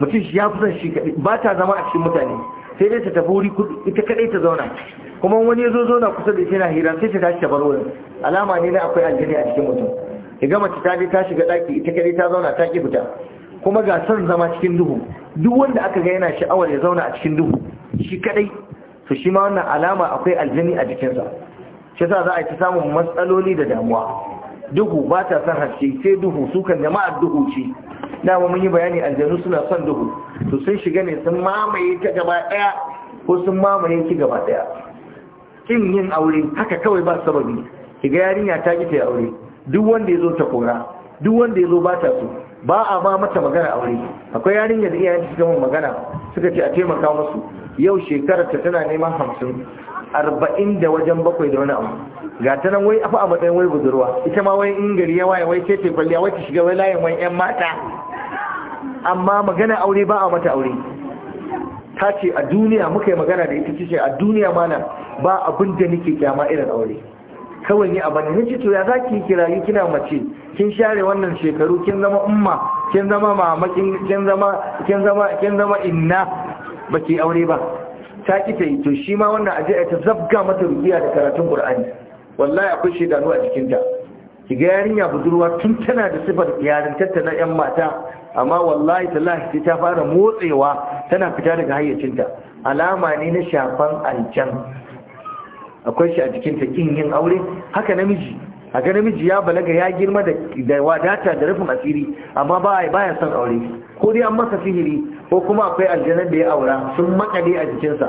mutum shi ya fi shi ba ta zama a cikin mutane sai dai ta tafi wuri ita kaɗai ta zauna kuma wani ya zo zauna kusa da yana hira sai ta tashi ta bar wurin alama ne na akwai aljini a cikin mutum ya gama ta tafi ta shiga ɗaki ita kadai ta zauna ta ƙi fita kuma ga son zama cikin duhu duk wanda aka ga yana sha'awar ya zauna a cikin duhu shi kaɗai to shi ma wannan alama akwai aljini a jikinsa shi yasa za a yi ta samun matsaloli da damuwa duhu ba ta son haske sai duhu sukan jama'ar duhu ce dama mun yi bayani aljanu suna son duhu to sun shiga ne sun mamaye ta gaba daya ko sun mamaye ki gaba daya kin yin aure haka kawai ba sababi kiga yarinya ta ki ta aure duk wanda yazo ta kora duk wanda yazo ba ta so ba a ba mata magana aure akwai yarinya da iyayen ta magana suka ce a taimaka musu yau shekarar ta tana neman hamsin arba'in da wajen bakwai da wani abu ga ta nan wai afa a matsayin wai budurwa ita ma wai in gari ya waye wai ce ce kwalliya wai ta shiga wai layin wai yan mata amma magana aure ba a mata aure ta ce a duniya muka yi magana da ita ce a duniya mana ba abin da nake kyama irin aure kawai ni abin da ce to ya zaki kira yi kina mace kin share wannan shekaru kin zama umma kin zama mamakin kin zama kin zama kin inna baki aure ba ta ki ta yi to shi ma wannan aje ta zabga mata rukiya da karatun qur'ani wallahi akwai shedanu a cikin ta ki ga yarinya budurwa tun tana da sifar yarintarta na yan mata amma wallahi tallahi sai ta fara motsewa tana fita daga hayyacinta alama ne na shafan aljan akwai shi a jikinta, ta kin yin aure haka namiji a ga namiji ya balaga ya girma da wadata da rufin asiri amma ba ya son aure ko dai an masa sihiri ko kuma akwai aljanar da ya aura sun makale a jikinsa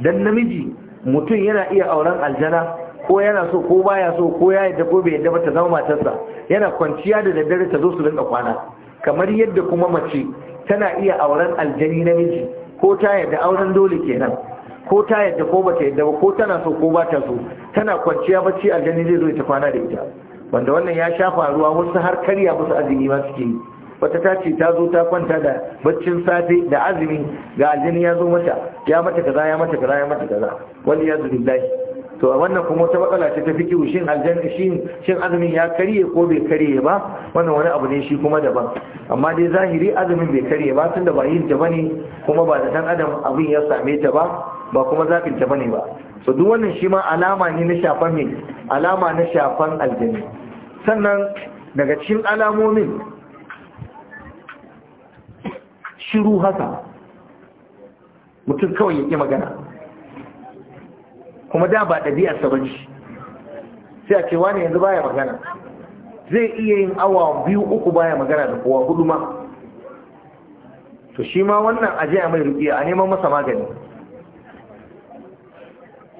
Don namiji mutum yana iya auren aljana ko yana so ko baya so ko ya yadda ko bai yadda ta zama matarsa yana kwanciya da daddare ta zo su rinka kwana kamar yadda kuma mace tana iya auren aljani namiji ko ta yadda auren dole kenan ko ta yadda ko bata yadda ba ko tana so ko bata so tana kwanciya bacci aljani zai zo ta kwana da ita wanda wannan ya sha faruwa wasu har karya musu azumi ma suke yi wata ta ce ta zo ta kwanta da baccin safe da azumi ga aljini ya zo mata ya mata kaza ya mata kaza ya mata kaza wani ya zubi lahi to a wannan kuma wata matsala ce ta fikihu shin aljanna shin shin azumin ya karye ko bai karye ba wannan wani abu ne shi kuma daban amma dai zahiri azumin bai karye ba tunda ba yin ta bane kuma ba da dan adam abin ya same ta ba ba kuma zafin ta bane ba so duk wannan shi ma alama ne na shafan mai alama na shafan aljani. sannan daga cikin alamomin shiru haka mutum kawai ya ƙi magana kuma da ba ɗabi'arsa ba shi. sai a cewa wani yanzu baya magana zai iya yin awa biyu uku baya magana da kowa hudu ma to shi ma wannan aje a mai rukiya a neman masa magani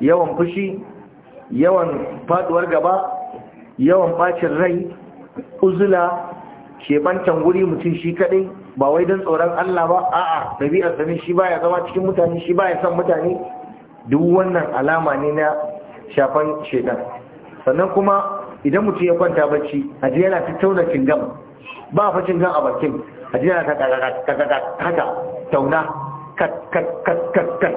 yawan fushi yawan faduwar gaba yawan bacin rai uzula shebantan wuri mutum shi kaɗai. ba wai don tsoron Allah ba a'a ɗabi'ar sa shi baya zama cikin mutane shi baya son mutane duk wannan alama ne na shafan shekar sannan kuma idan mutum ya kwanta bacci ji yana tattauna cingam ba fa cingam a bakin ji yana ta tauna kat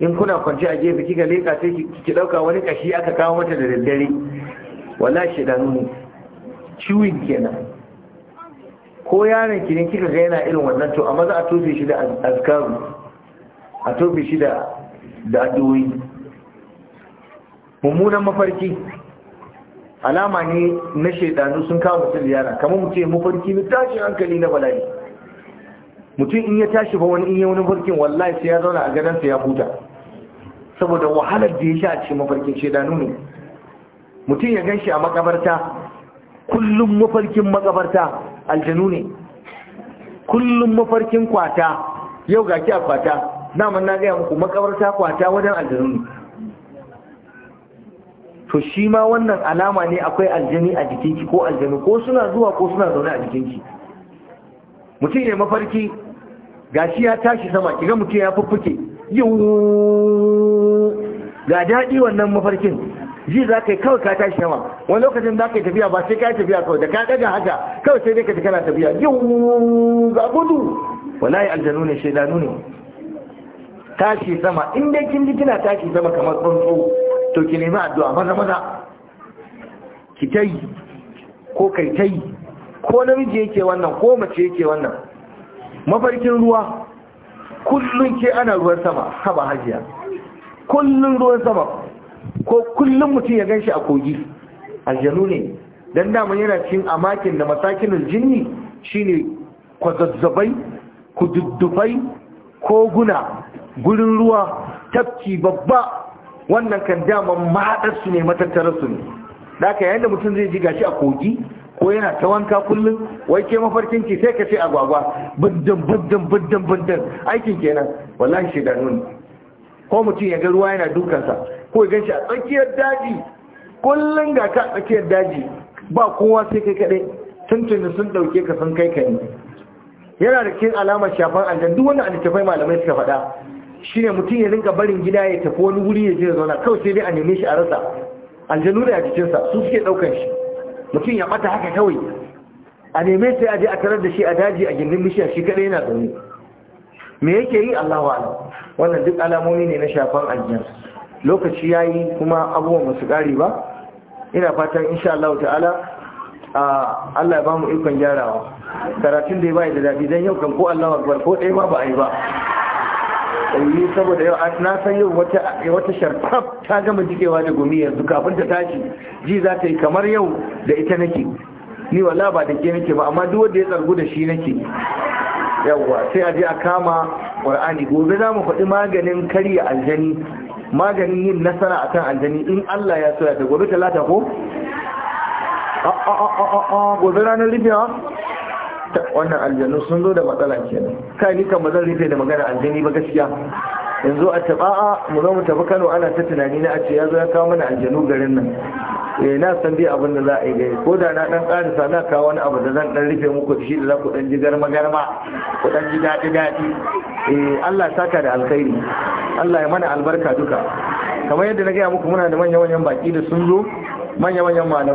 in kuna kwanci a gefe kika leka sai ki dauka wani kashi aka kawo mata da daddare wallahi shedanu kenan ko yaron ki kika ga yana irin wannan to amma za a tofe shi da azkaru a tofe shi da addu'o'i mummunan mafarki alama ne na shaidanu sun kawo mutum ziyara kamar mu ce mafarki na tashin hankali na bala'i mutum in ya tashi ba wani in yi wani farkin wallahi sai ya zauna a gadonsa ya huta saboda wahalar da ya sha a cikin mafarkin shaidanu ne mutum ya ganshi a makabarta kullum mafarkin makabarta aljanu ne kullum mafarkin kwata yau ga ki a kwata daman na gaya muku makabarta kwata wajen aljanu ne to shi ma wannan alama ne akwai aljani a jikinki ko aljanu ko suna zuwa ko suna zaune a jikinki mutum ne mafarki ga shi ya tashi sama kiga mutum ya fuffuke yau ga daɗi wannan mafarkin ji za ka yi kawai ka tashi sama wani lokacin za ka yi tafiya ba sai ka yi tafiya kawai da ka ɗaga haka kawai sai dai ka tafiya tafiya yau ga gudu wallahi aljanu ne shaidanu ne tashi sama in dai kin ji kina tashi sama kamar tsuntsu to ki nemi addu'a maza maza ki ta yi, ko kai ta yi, ko namiji yake wannan ko mace yake wannan mafarkin ruwa kullum ke ana ruwan sama haba hajiya kullum ruwan sama ko kullum mutum ya gan shi a kogi aljanu ne dan daman yana cikin amakin da masakinul jini shine kwazazzabai kududdufai koguna gurin ruwa tafki babba wannan kan damar mahaɗarsu ne matattararsu ne da aka yayin da mutum zai ji gashi a kogi ko yana ta wanka kullum wai ke mafarkin ki sai ka ce agwagwa bindan-bindan-bindan-bindan, aikin kenan wallahi da nuni. ko mutum ya ga ruwa yana dukansa ko gan shi a tsakiyar daji kullum ga ka a tsakiyar daji ba kowa sai kai kaɗai tuntun sun ɗauke ka sun kai ka ne yana da cikin alamar shafan aljan duk wanda alitafai malamai suka faɗa shine mutum ya rinka barin gida ya tafi wani wuri ya je ya zauna kawai sai dai a neme shi a rasa aljanu da a jikinsa su suke ɗaukan shi mutum ya ɓata haka kawai a neme sai a je a tarar da shi a daji a gindin bishiya shi kaɗai yana zaune me yake yi Allahu a'lam wannan duk alamomi ne na shafan aljan lokaci ya yi kuma abubuwan masu ƙari ba ina fatan insha Allah ta'ala Allah ya ba mu ikon gyarawa karatun da ya bayi da daɗi don yau kan ko Allah akbar ko ɗaya ma ba a yi ba yi saboda yau na san yau wata sharfaf ta gama jikewa da gumi yanzu kafin ta tashi ji za ta yi kamar yau da ita nake ni wala ba da ke nake ba amma duk wanda ya tsargu da shi nake yawwa sai a je a kama ƙwar'ani gobe za mu faɗi maganin karya aljani maganin yin nasara akan aljani in Allah ya so ya ta gobe talata ko ah, ah, ah, gobe ranar rufewa wannan aljanu sun zo da matsala kenan kai ni kan zan rufe da magana aljani ba gaskiya yanzu a taba'a mu zo mu tafi Kano ana ta tunani na a ce ya zo ya kawo mana aljanu garin nan eh na san dai abin da za a yi gai ko da na dan karisa na kawo wani abu da zan dan rufe muku shi da za ku dan ji garma garma ku dan ji daɗi daɗi eh Allah ya saka da alkhairi Allah ya mana albarka duka kamar yadda na gaya muku muna da manya-manyan baki da sun zo manya-manyan malamai